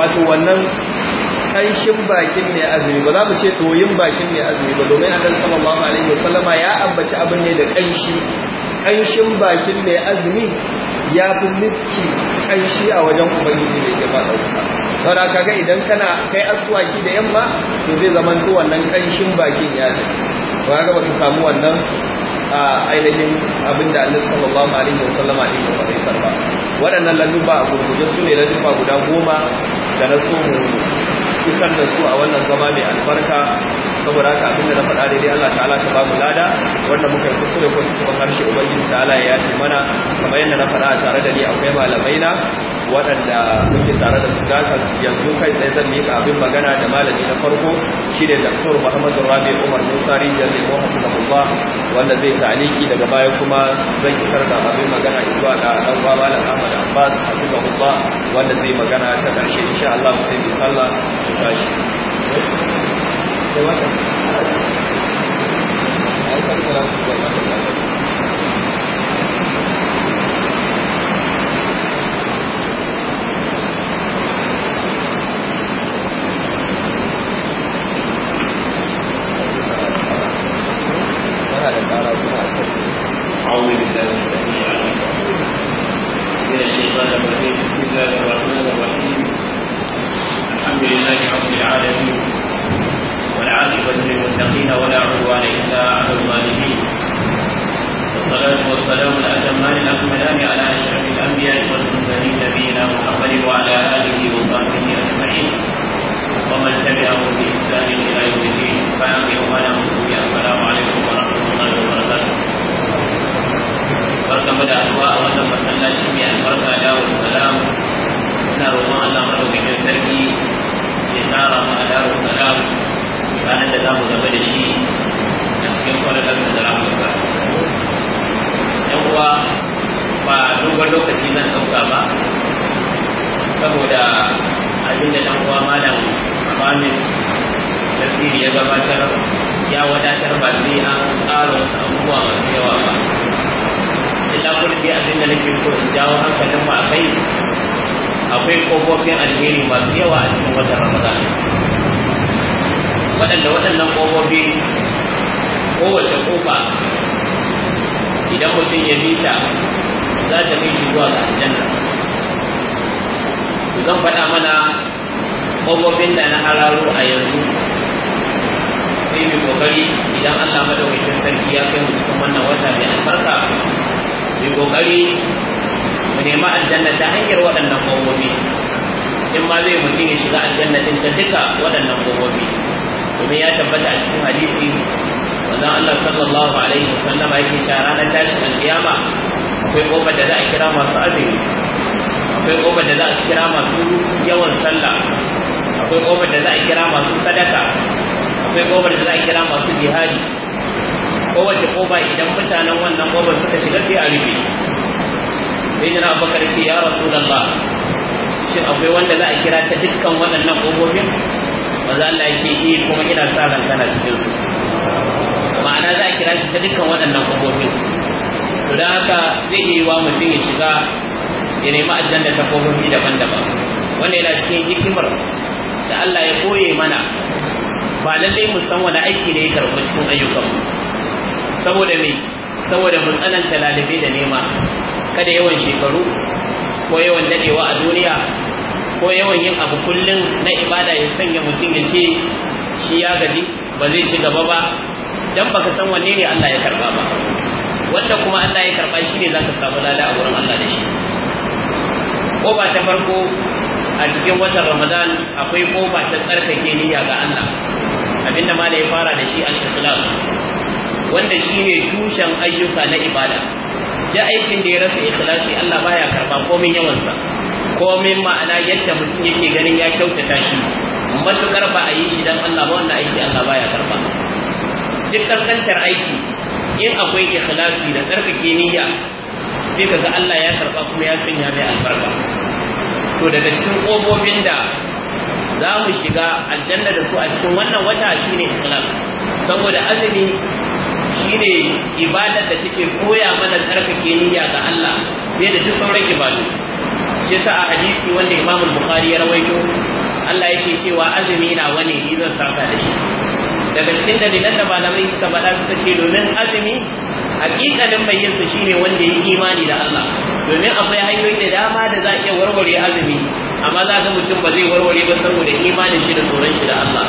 wato wannan kanshin bakin mai azumi ba za mu ce toyin bakin mai azumi ba domin annabi sallallahu alaihi wasallama ya ambaci abin ne da kanshi kanshin bakin mai azumi ya fi miski kanshi a wajen ubangiji da ke ba dauka saboda kaga idan kana kai aswaki da yamma to zai zaman to wannan kanshin bakin ya ji ba ga ba su samu wannan ainihin abinda annabi sallallahu alaihi wasallama din ya faɗa ba waɗannan lalluba a gurguje su ne lalluba guda goma da na so mu isar da su a wannan zama mai albarka saboda haka abinda na faɗa daidai Allah ta'ala ka ba mu lada wanda muka yi da ko kuma harshe ubangiji ta'ala ya yi mana kamar yadda na faɗa tare da ni akwai malamai na waɗanda muke tare da su gasa yanzu kai tsaye zan miƙa abin magana da malami na farko shine Dr. Muhammad Rabi Umar Musa Rijal Lemo Hafizahullah wanda zai aliki daga baya kuma zan isar da abin magana zuwa ga ɗan uwa Malam Ahmad Abbas Hafizahullah wanda zai magana ta ƙarshe insha Allah sai bi ta tashi da wata mutum ya shiga aljanna din ta duka waɗannan gobobi kuma ya tabbata a cikin hadisi wannan Allah sallallahu alaihi sallama yake shara na al alkiyama akwai kofar da za a kira masu azumi akwai kofar da za a kira masu yawan sallah akwai kofar da za a kira masu sadaka akwai kofar da za a kira masu jihadi kowace kofa idan mutanen wannan kofar suka shiga sai a rufe sai jira bakar ce ya rasulullah shin akwai wanda za a kira ta dukkan waɗannan ƙofofin ba za Allah ya ce eh kuma ina sa ran kana cikin su ma'ana za a kira shi ta dukkan waɗannan ƙofofin to da haka zai iya wa mutum ya shiga ya nemi aljanna ta ƙofofi daban-daban wanda yana cikin hikimar da Allah ya koye mana ba lallai mu san wani aiki ne ya karɓi cikin ayyukanmu saboda me saboda mu tsananta lalibai da nema kada yawan shekaru ko yawan dadewa a duniya ko yawan yin abu kullum na ibada ya sanya mutum ya ce shi ya gaji ba zai ci gaba ba dan baka san wanne ne Allah ya karba ba wanda kuma Allah ya karba shi ne zaka samu lada a wurin Allah da shi koba ta farko a cikin watan Ramadan akwai koba ta tsarkake niyya ga Allah abinda ma ya fara da shi al-ikhlas wanda shine tushen ayyuka na ibada da aikin da ya rasa ikhlasi Allah baya karba komin yawansa komin ma'ana yadda mutum yake ganin ya kyautata shi matukar ba a yi shi dan Allah ba wannan aiki Allah baya karba duk kankantar aiki in akwai ikhlasi da tsarkake niyya sai kaga Allah ya karba kuma ya sanya mai albarka to daga cikin kofofin da za mu shiga aljanna da su a cikin wannan wata shine ikhlas saboda azumi shine ibadar da take koya mana tsarkake niyya ga Allah fiye da duk sauran ibadu shi yasa a hadisi wanda Imam Bukhari ya rawaito Allah yake cewa azumi na wani ni saka da shi daga cikin dalilan da malamai suka faɗa suka ce domin azumi hakikalin shi shine wanda ya imani da Allah domin akwai hanyoyi da dama da za a iya warware azumi amma za ga mutum ba zai warware ba saboda imanin shi da tsoron shi da Allah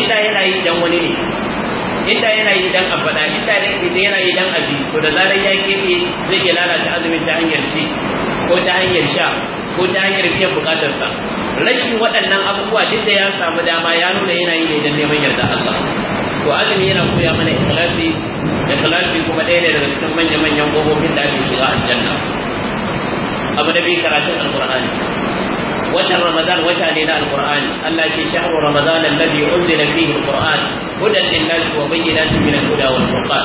inda yana yi dan wani ne inda yana yi dan abada inda da yana yi dan aji to da zarar ya kebe zai iya lalata azumin ta hanyar ci ko ta hanyar sha ko ta hanyar biyan bukatarsa rashin waɗannan abubuwa duk da ya samu dama ya nuna yana yi ne dan neman yarda Allah to azumi yana koya mana ikhlasi da ikhlasi kuma ɗaya ne daga cikin manya-manyan gobobin da ake shiga aljanna abu da bi karatun alqur'ani watan ramadan wata ne na alqur'ani Allah ce shahru ramadan alladhi unzila fihi alqur'an hudan lin-nas wa bayyinatin min al-huda wal furqan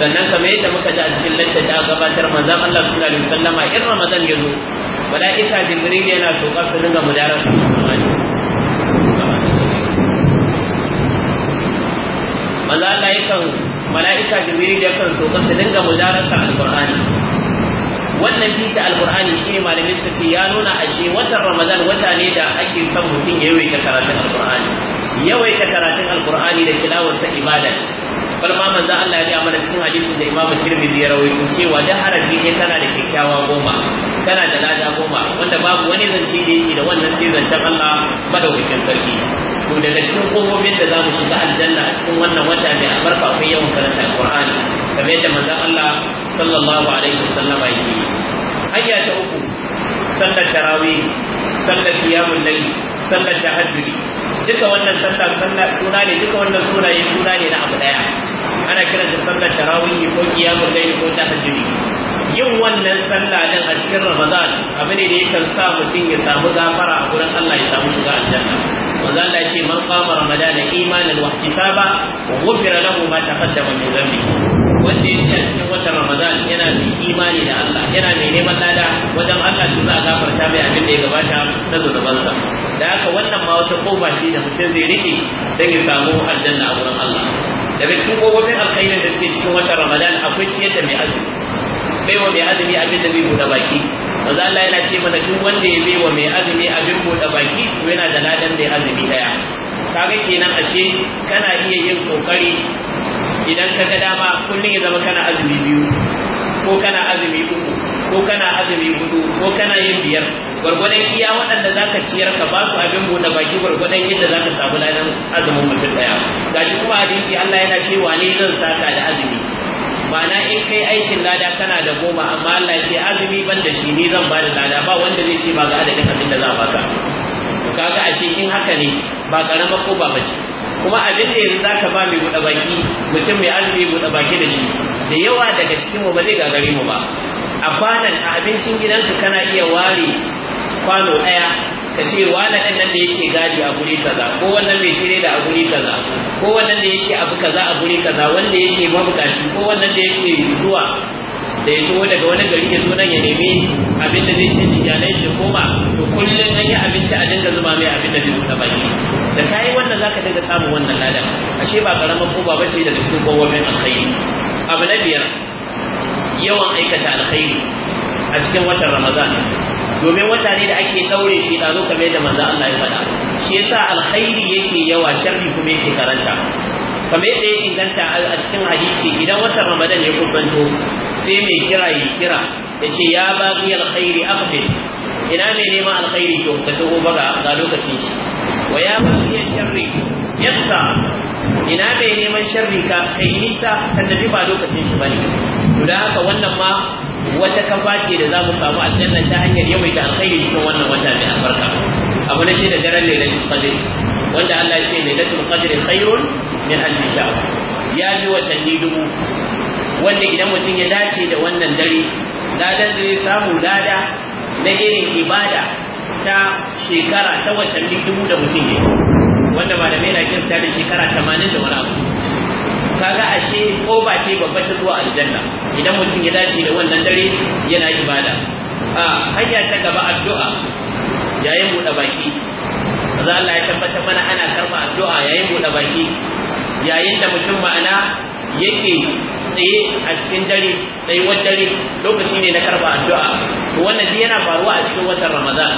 sannan kamar yadda muka ji a cikin laccar da gabatar manzon Allah sallallahu alaihi wasallama in ramadan ya zo mala'ika jibril yana tokar su dinga mudarasa alqur'ani manzo Allah yakan mala'ika jibril yakan so ka su dinga mudarasa alqur'ani wannan bi ta alqur'ani shine malamin ta ce ya nuna ashe watan ramadan wata ne da ake son mutum ya yawaita karatun alkur'ani yawaita karatun alkur'ani da kilawarsa ibada ce falma manzo Allah ya ga mana cikin hadisin da Imam Tirmidhi ya rawaito cewa da harafi ne tana da kyakkyawa goma tana da lada goma wanda babu wani zance da yake da wannan sai zancen Allah madaukakin sarki to daga cikin kofofin da za mu shiga aljanna a cikin wannan wata ne a albarka akwai yawan karanta alqur'ani kamar yadda manzon Allah sallallahu alaihi wasallama yake hayya ta uku sallar tarawih sallar qiyamul layl sallar tahajjud duka wannan sallar sallar suna ne duka wannan ne suna ne na abu daya ana kiran da sallar tarawih ko qiyamul layl ko tahajjud yin wannan sallah din a cikin ramadan abin da yakan sa mutum ya samu gafara a gurin Allah ya samu shiga aljanna manzo Allah ce man qama ramadana imanan wa ihtisaba ghufira lahu ma taqaddama min dhanbi wanda ya cikin watan ramadan yana mai imani da Allah yana mai neman lada wajen Allah to za a gafarta mai abin da ya gabata na zunubansa da haka wannan ma wata kofa ce da mutum zai rike don ya samu aljanna a wurin Allah Da cikin kofofin alkhairin da suke cikin watan ramadan akwai ciyar da mai azumi bai wa mai azumi abin da zai buɗe baki manzo Allah yana ce mana duk wanda ya bai wa mai azumi abin buɗe baki to yana da ladan da azumi daya kaga kenan ashe kana iya yin kokari idan ka ga dama kullum ya zama kana azumi biyu ko kana azumi uku ko kana azumi hudu ko kana yin biyar gwargwadon iya waɗanda za ka ciyar ka ba su abin buɗe baki gwargwadon yadda za ka samu ladan azumin mutum ɗaya gashi kuma hadisi Allah yana cewa ne zan saka da azumi ma'ana in kai aikin lada kana da goma amma Allah ce azumi ban da shi ni zan bada lada ba wanda zai ce ba ga adadin abin da za a baka to kaga ashe in haka ne ba karama ko ba bace kuma abin da yanzu zaka ba mai buɗe baki mutum mai azumi buɗe baki da shi da yawa daga cikin mu ba zai gagare mu ba a kwanan a abincin gidansu kana iya ware kwano ɗaya ka ce wani ɗan nan da yake gadi a guri kaza ko wannan mai tire da a guri kaza ko wannan da yake abu kaza a guri kaza wanda yake mabukaci ko wannan da yake zuwa da ya zo daga wani gari ya zo nan ya nemi abin da zai ci iyalai shi koma to kullum an yi abinci a dinga zuba mai abin da zai buɗe baki da kayi wannan zaka dinga samun wannan lada ashe ba karamar koba bace daga cikin mai alkhairi abu na biyar yawan aikata alkhairi a cikin watan ramadan domin wata ne da ake daure shi da zo kamar yadda manzo Allah ya faɗa shi yasa alkhairi yake yawa sharri kuma yake karanta kamar yadda ya inganta a cikin hadisi idan watan ramadan ya kusanto sai mai kira ya kira ya ce ya ba baki alkhairi aqbil ina mai neman alkhairi to ka taho baga ga lokacin shi wa ya ba baki sharri yatsa ina mai neman sharri ka kai nisa ka tafi ba lokacin shi bane to da haka wannan ma wata kafa ce da za mu samu aljanna ta hanyar yawaita alkhairi cikin wannan wata mai albarka abu na shida daren lailatul qadr wanda Allah ya ce lailatul qadr khairun min alfi shahr ya ji watanni dubu wanda idan mutum ya dace da wannan dare ladan zai samu lada na irin ibada ta shekara ta watanni dubu da mutum ya wanda malamai na kinsa da shekara 80 da wani abu kaga ashe kofa ce babbar ta zuwa aljanna idan mutum ya dace da wannan dare yana ibada a hanya ta gaba addu'a yayin buɗe baki za Allah ya tabbatar mana ana karɓa addu'a yayin buɗe baki yayin da mutum ma'ana yake tsaye a cikin dare tsayuwar dare lokaci ne na karba addu'a to wannan duk yana faruwa a cikin watan ramadan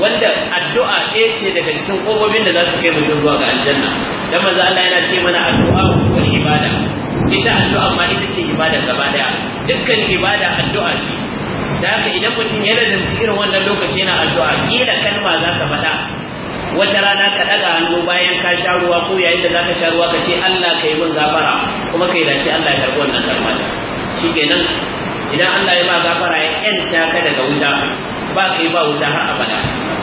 wanda addu'a ɗaya ce daga cikin kofofin da za su kai mutum zuwa ga aljanna dan manzo Allah yana ce mana addu'a ko ibada ita addu'a ma ita ce ibada gaba daya dukkan ibada addu'a ce da haka idan mutum yana da irin wannan lokaci yana addu'a kila kalma za ta faɗa wata rana ka daga hannu bayan ka sha ruwa ko yayin da zaka sha ruwa ka ce Allah kai mun gafara kuma kai dace Allah ya karbi wannan karma shikenan idan Allah ya ba gafara ya yanta ka daga wuta ba kai ba wuta har abada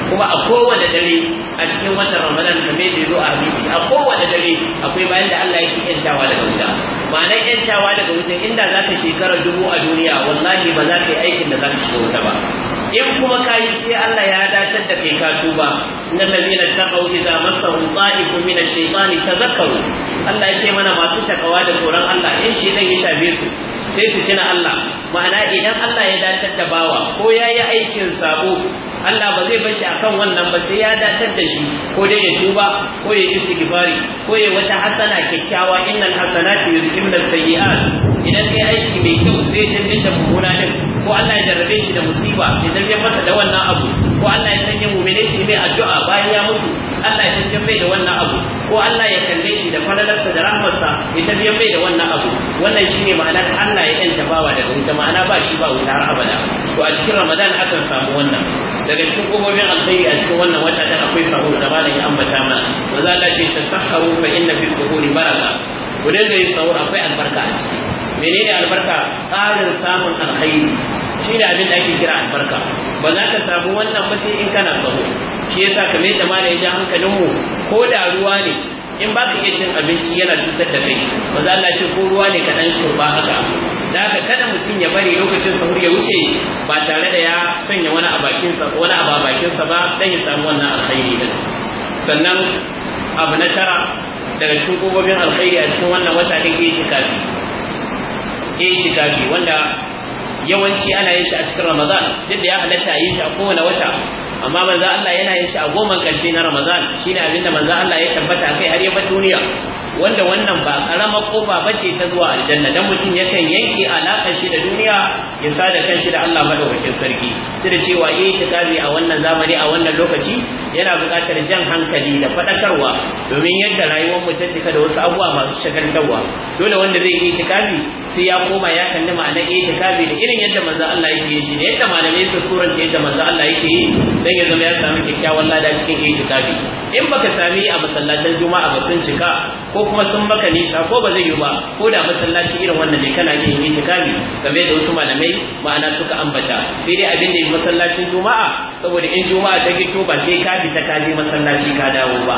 kuma a kowane dare a cikin watan Ramadan da mai zo a hadisi a kowane dare akwai bayan da Allah yake yantawa daga wuta ma'anar yantawa daga wuta inda zaka shekara dubu a duniya wallahi ba za ka yi aikin da zaka shiga wuta ba in kuma kai sai Allah ya dace da kai ka tuba inna ta taqaw idza massahum ta'ifun min ash-shaytani tadhakkaru Allah ya ce mana masu takawa da tsoron Allah in shi dan ya shafe su sai su kina Allah ma'ana idan Allah ya dace da bawa ko yayi aikin sabo Allah ba zai bashi akan wannan ba sai ya datar da shi ko dai ya tuba ko ya yi istighfari ko ya wata hasana kyakkyawa innal hasanati yuzhibna sayyi'at idan kai aiki mai kyau sai ya tafi da mummuna din ko Allah ya jarrabe shi da musiba ya tafi masa da wannan abu ko Allah ya sanya mu'mini shi mai addu'a bayan ya mutu Allah ya tafi mai da wannan abu ko Allah ya kalle shi da falalarsa da rahmarsa ya tafi mai da wannan abu wannan shine ma'anar Allah ya yanta bawa daga wuta ma'ana ba shi ba wuta har abada to a cikin Ramadan akan samu wannan daga cikin kofofin alkhairi a cikin wannan wata da akwai sahur da malam ya ambata mana wa zalati tasahharu fa inna fi suhuri baraka ku dinga sahur akwai albarka a ciki menene albarka ƙarin samun alkhairi shi ne abin da ake kira albarka ba za ka samu wannan ba sai in kana tsaho shi yasa kamar yadda da ya jan hankalinmu ko da ruwa ne in ba ka iya cin abinci yana cutar da kai ba za Allah ce ko ruwa ne kaɗan ba haka da haka kada mutum ya bari lokacin sahur ya wuce ba tare da ya sanya wani a bakinsa wani abu a bakinsa ba dan ya samu wannan alkhairi din sannan abu na tara daga cikin kofofin alkhairi a cikin wannan wata ɗin ke kafi itikafi wanda yawanci ana yin shi a cikin Ramadan duk da ya halatta yin yi shi a kowane wata amma manzo Allah yana yin shi a goma karshe na Ramadan shine abinda da manzo Allah ya tabbata kai har ya bar duniya wanda wannan ba karama ba bace ta zuwa aljanna dan mutum yakan yanke alaka shi da duniya ya sada kanshi da Allah madaukakin sarki sai da cewa eh kitabi a wannan zamani a wannan lokaci yana buƙatar jan hankali da fadakarwa domin yadda rayuwar mu ta cika da wasu abubuwa masu shagaltarwa dole wanda zai yi tikafi sai ya koma ya kalli ma'ana eh kitabi da irin yadda manzo Allah yake yi shi da yadda malamai su suran yadda manzo Allah yake yi dan ya zama ya samu kyakkyawan lada cikin eh kitabi in baka sami a masallatan juma'a ba sun cika ko kuma sun maka nisa ko ba zai yi ba ko da masallaci irin wannan ne kana yin itikafi game da wasu malamai ma'ana suka ambata sai dai abin da masallacin juma'a saboda in juma'a ta gito ba sai ka fita ka je masallaci ka dawo ba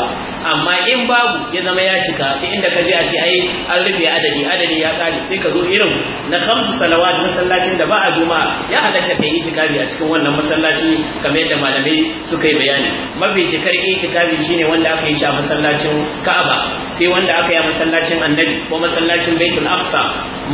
amma in babu ya zama ya cika sai inda ka je a ce ai an rufe adadi adadi ya kare sai ka zo irin na kamsu salawat masallacin da ba a juma'a ya halatta kai itikafi a cikin wannan masallaci kamar yadda malamai suka yi bayani mafi cikar itikafi shine wanda aka yi shi a masallacin Ka'aba sai wanda aka yi a masallacin Annabi ko masallacin Baitul Aqsa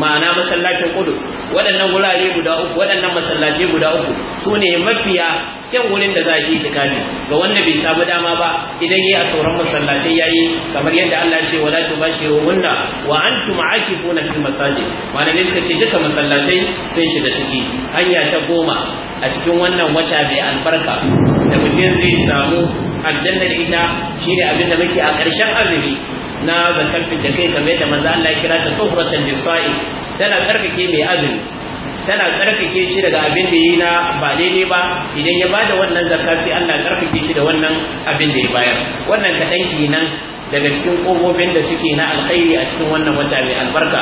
ma'ana masallacin Qudus waɗannan wurare guda uku waɗannan masallaci guda uku sune mafiya kyan wurin da za a yi itikafi ga wanda bai samu dama ba idan yayi a sauran masallatai yayi kamar yadda Allah ya ce wala hunna wa antum aakifuna fil masajid Malamin ka ce duka masallatai sun shiga ciki hanya ta goma a cikin wannan wata bai albarka da mutum zai samu aljanna da ita shine abin da muke a ƙarshen azumi na zakarfin da kai kamar yadda manzo Allah ya kira ta tuhratan lisa'i tana tsarkake mai azumi tana tsarkake shi daga abin da yi na ba daidai ba idan ya bada wannan zakka sai Allah tsarkake shi da wannan abin da ya bayar wannan kaɗan kenan daga cikin kofofin da suke na alkhairi a cikin wannan wata mai albarka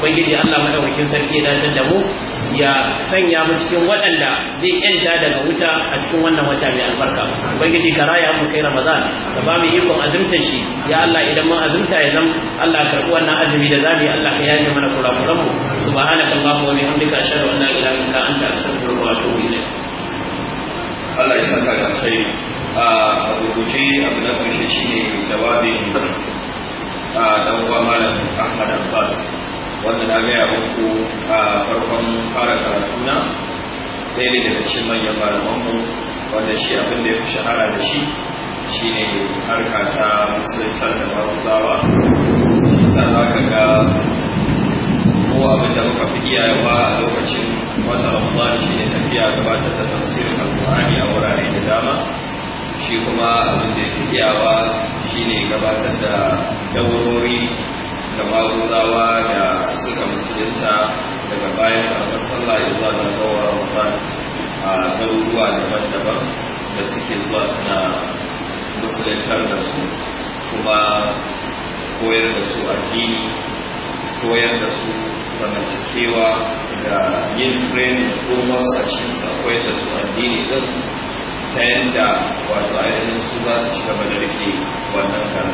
ubangiji Allah madaukakin sarki ya dace da mu ya sanya mu cikin waɗanda zai yanta daga wuta a cikin wannan wata mai albarka ubangiji ka raya mu kai ramadan ka ba mu ikon azumta shi ya Allah idan mun azumta ya zam Allah karɓi wannan azumi da zamu yi Allah ka yaje mana kurakuran mu subhanaka allahumma wa bihamdika ashhadu an la ilaha illa anta astaghfiruka wa atubu ilayk Allah ya saka ka sai a rubuce abu na shi shine jawabin dan uwa malam Ahmad Abbas wanda na gaya muku a farkon fara karatu na ɗaya ne daga cikin manyan malamanmu wanda shi abin da ya fi shahara da shi shine harka ta musuluntar da babu shi sa za ka ga ko abin da muka fi iyayewa a lokacin wata ramadan shine tafiya gabatar da tafsirin alƙur'ani a wurare da dama shi kuma abin da ke iyawa shine gabatar da daurori da maguzawa da suka musulunta daga bayan karfar sallah ya zuwa da kowa a garuruwa daban-daban da suke zuwa suna musulantar da su kuma koyar da su addini koyar da su zamantakewa da yin training ko wasu a cikin akwai da su addini din ta yadda wato ainihin su za su ci gaba da rike wannan kan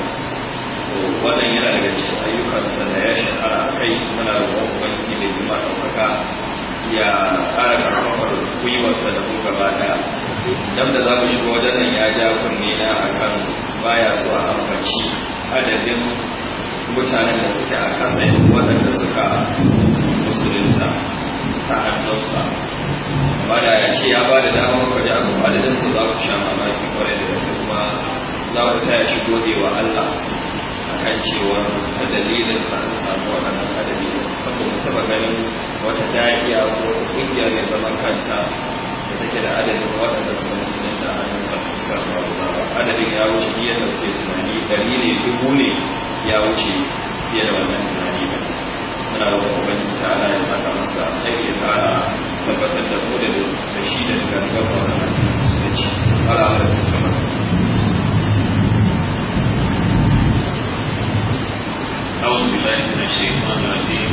ko wannan yana daga cikin ayyukansa da ya shahara a kai muna roƙon ubangiji da jima ɗaukaka ya ƙara ƙarfafar gwiwarsa da mu gaba da dan da za mu shiga wajen nan ya ja kunne na akan baya so a ambaci adadin mutanen da suke a kasa waɗanda suka musulunta ta hannunsa bada ya ce ya bada da damar ku da abu adadin ku za ku sha mamaki kwarai da gaske kuma za ku taya shi gode wa Allah akan cewa ta dalilin sa an samu wannan adadi saboda saba ganin wata da'iya ko kungiya mai zaman kanta da take da adadin waɗanda su musulunta a nan samu samu adadin ya wuce iya ɗauke tunani ɗari ne dubu ne ya wuce fiye da wannan tunani ba muna da ubangiji ta ala ya saka masa sai ya ƙara tabbatar da mu da shi da gangan wannan da ci al'amar da sama أعوذ بالله من الشيطان الرجيم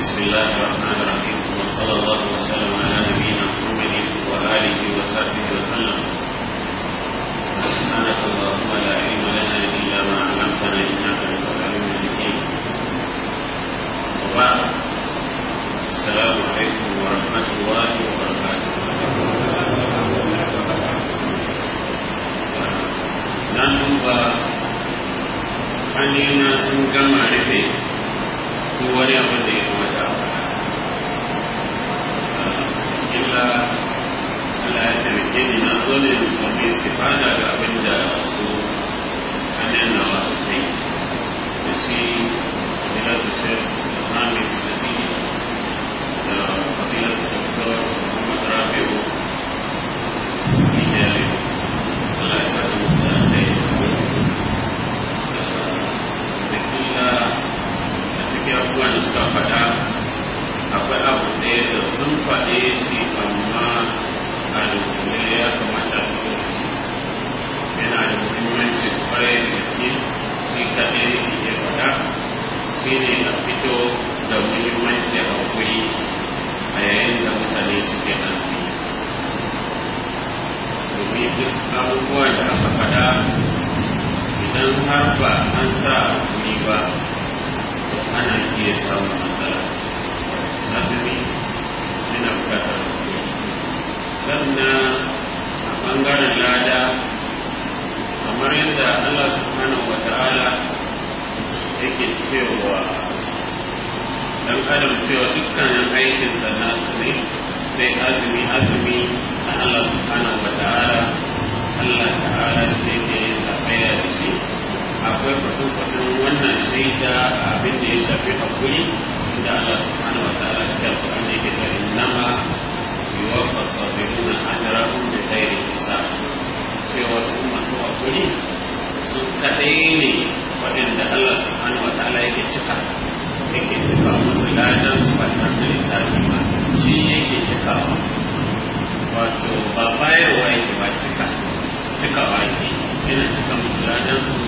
بسم الله الرحمن الرحيم وصلى الله وسلم على نبينا محمد وآله وصحبه وسلم سبحانك اللهم لا علم لنا إلا ما علمتنا إنك أنت العليم الحكيم وبعد السلام عليكم ورحمة الله وبركاته nan duba hannuna sun gama rufe ko wani abu da ya wata illa Allah ya tarike ni na zo ne da sami istifada ga abin da su hannun nawa su kai da shi ila da shi da fadilar doktor muhammad a cikin abubuwan da akwai abu da sun faɗe amma a muhimmanci kwarai kaɗai ne ke a fito da muhimmanci a Ayahnya sama kali setiap hari Jadi Kalau buat dalam kepada Kita mengharapkan Masa menyebab Anak dia sama Masa ini Saya nak berkata Kerana Anggaran lada Pemerintah Allah Subhanahu wa ta'ala Ikit Fiyah dan adam cewa dukkanin aikinsa nasu ne sai azumi azumi a Allah subhanahu wa ta'ala Allah ta'ala shi ne ya safaya da shi akwai kwatankwatan wannan shaida abin da ya shafi hakuri da Allah subhanahu wa ta'ala shi ya kuɗa ne ke da innama yuwaffa sabiruna ajrahum bi ghairi hisab cewa su masu hakuri su kadai ne waɗanda Allah subhanahu wa ta'ala yake cika yake cika musu ladan su wannan da lissafi ba shi yake cikawa wato ba bayarwa yake ba cika cikawa yake yana cika musu ladan su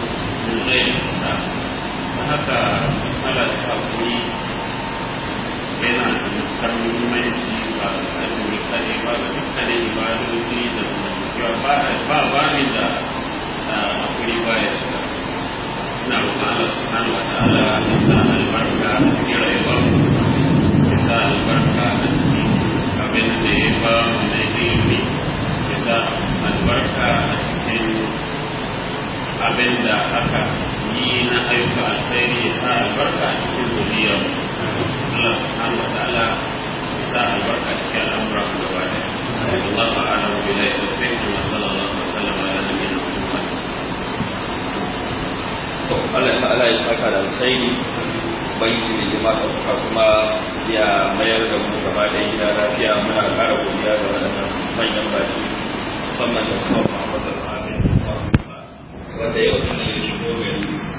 da zai lissa ta haka misala da haƙuri yana da matuƙar muhimmanci ba ga azumi kare ba ga dukkanin ibadoji da zamantakewa ba ba ne da ah, haƙuri ba ya shiga ina Allah ta'ala ya albarka cikin rayuwar da ya ba mu na ilimi ya da aka yi na ayyuka alkhairi a cikin zuriyar Allah subhanahu wa ta'ala wa bila'i da fiqh wa so Allah ta'ala ya saka da da jima kuma ya mayar da mu gaba da gida lafiya muna kara godiya da waɗannan manyan baki musamman da suwa Muhammadu yau ne shigo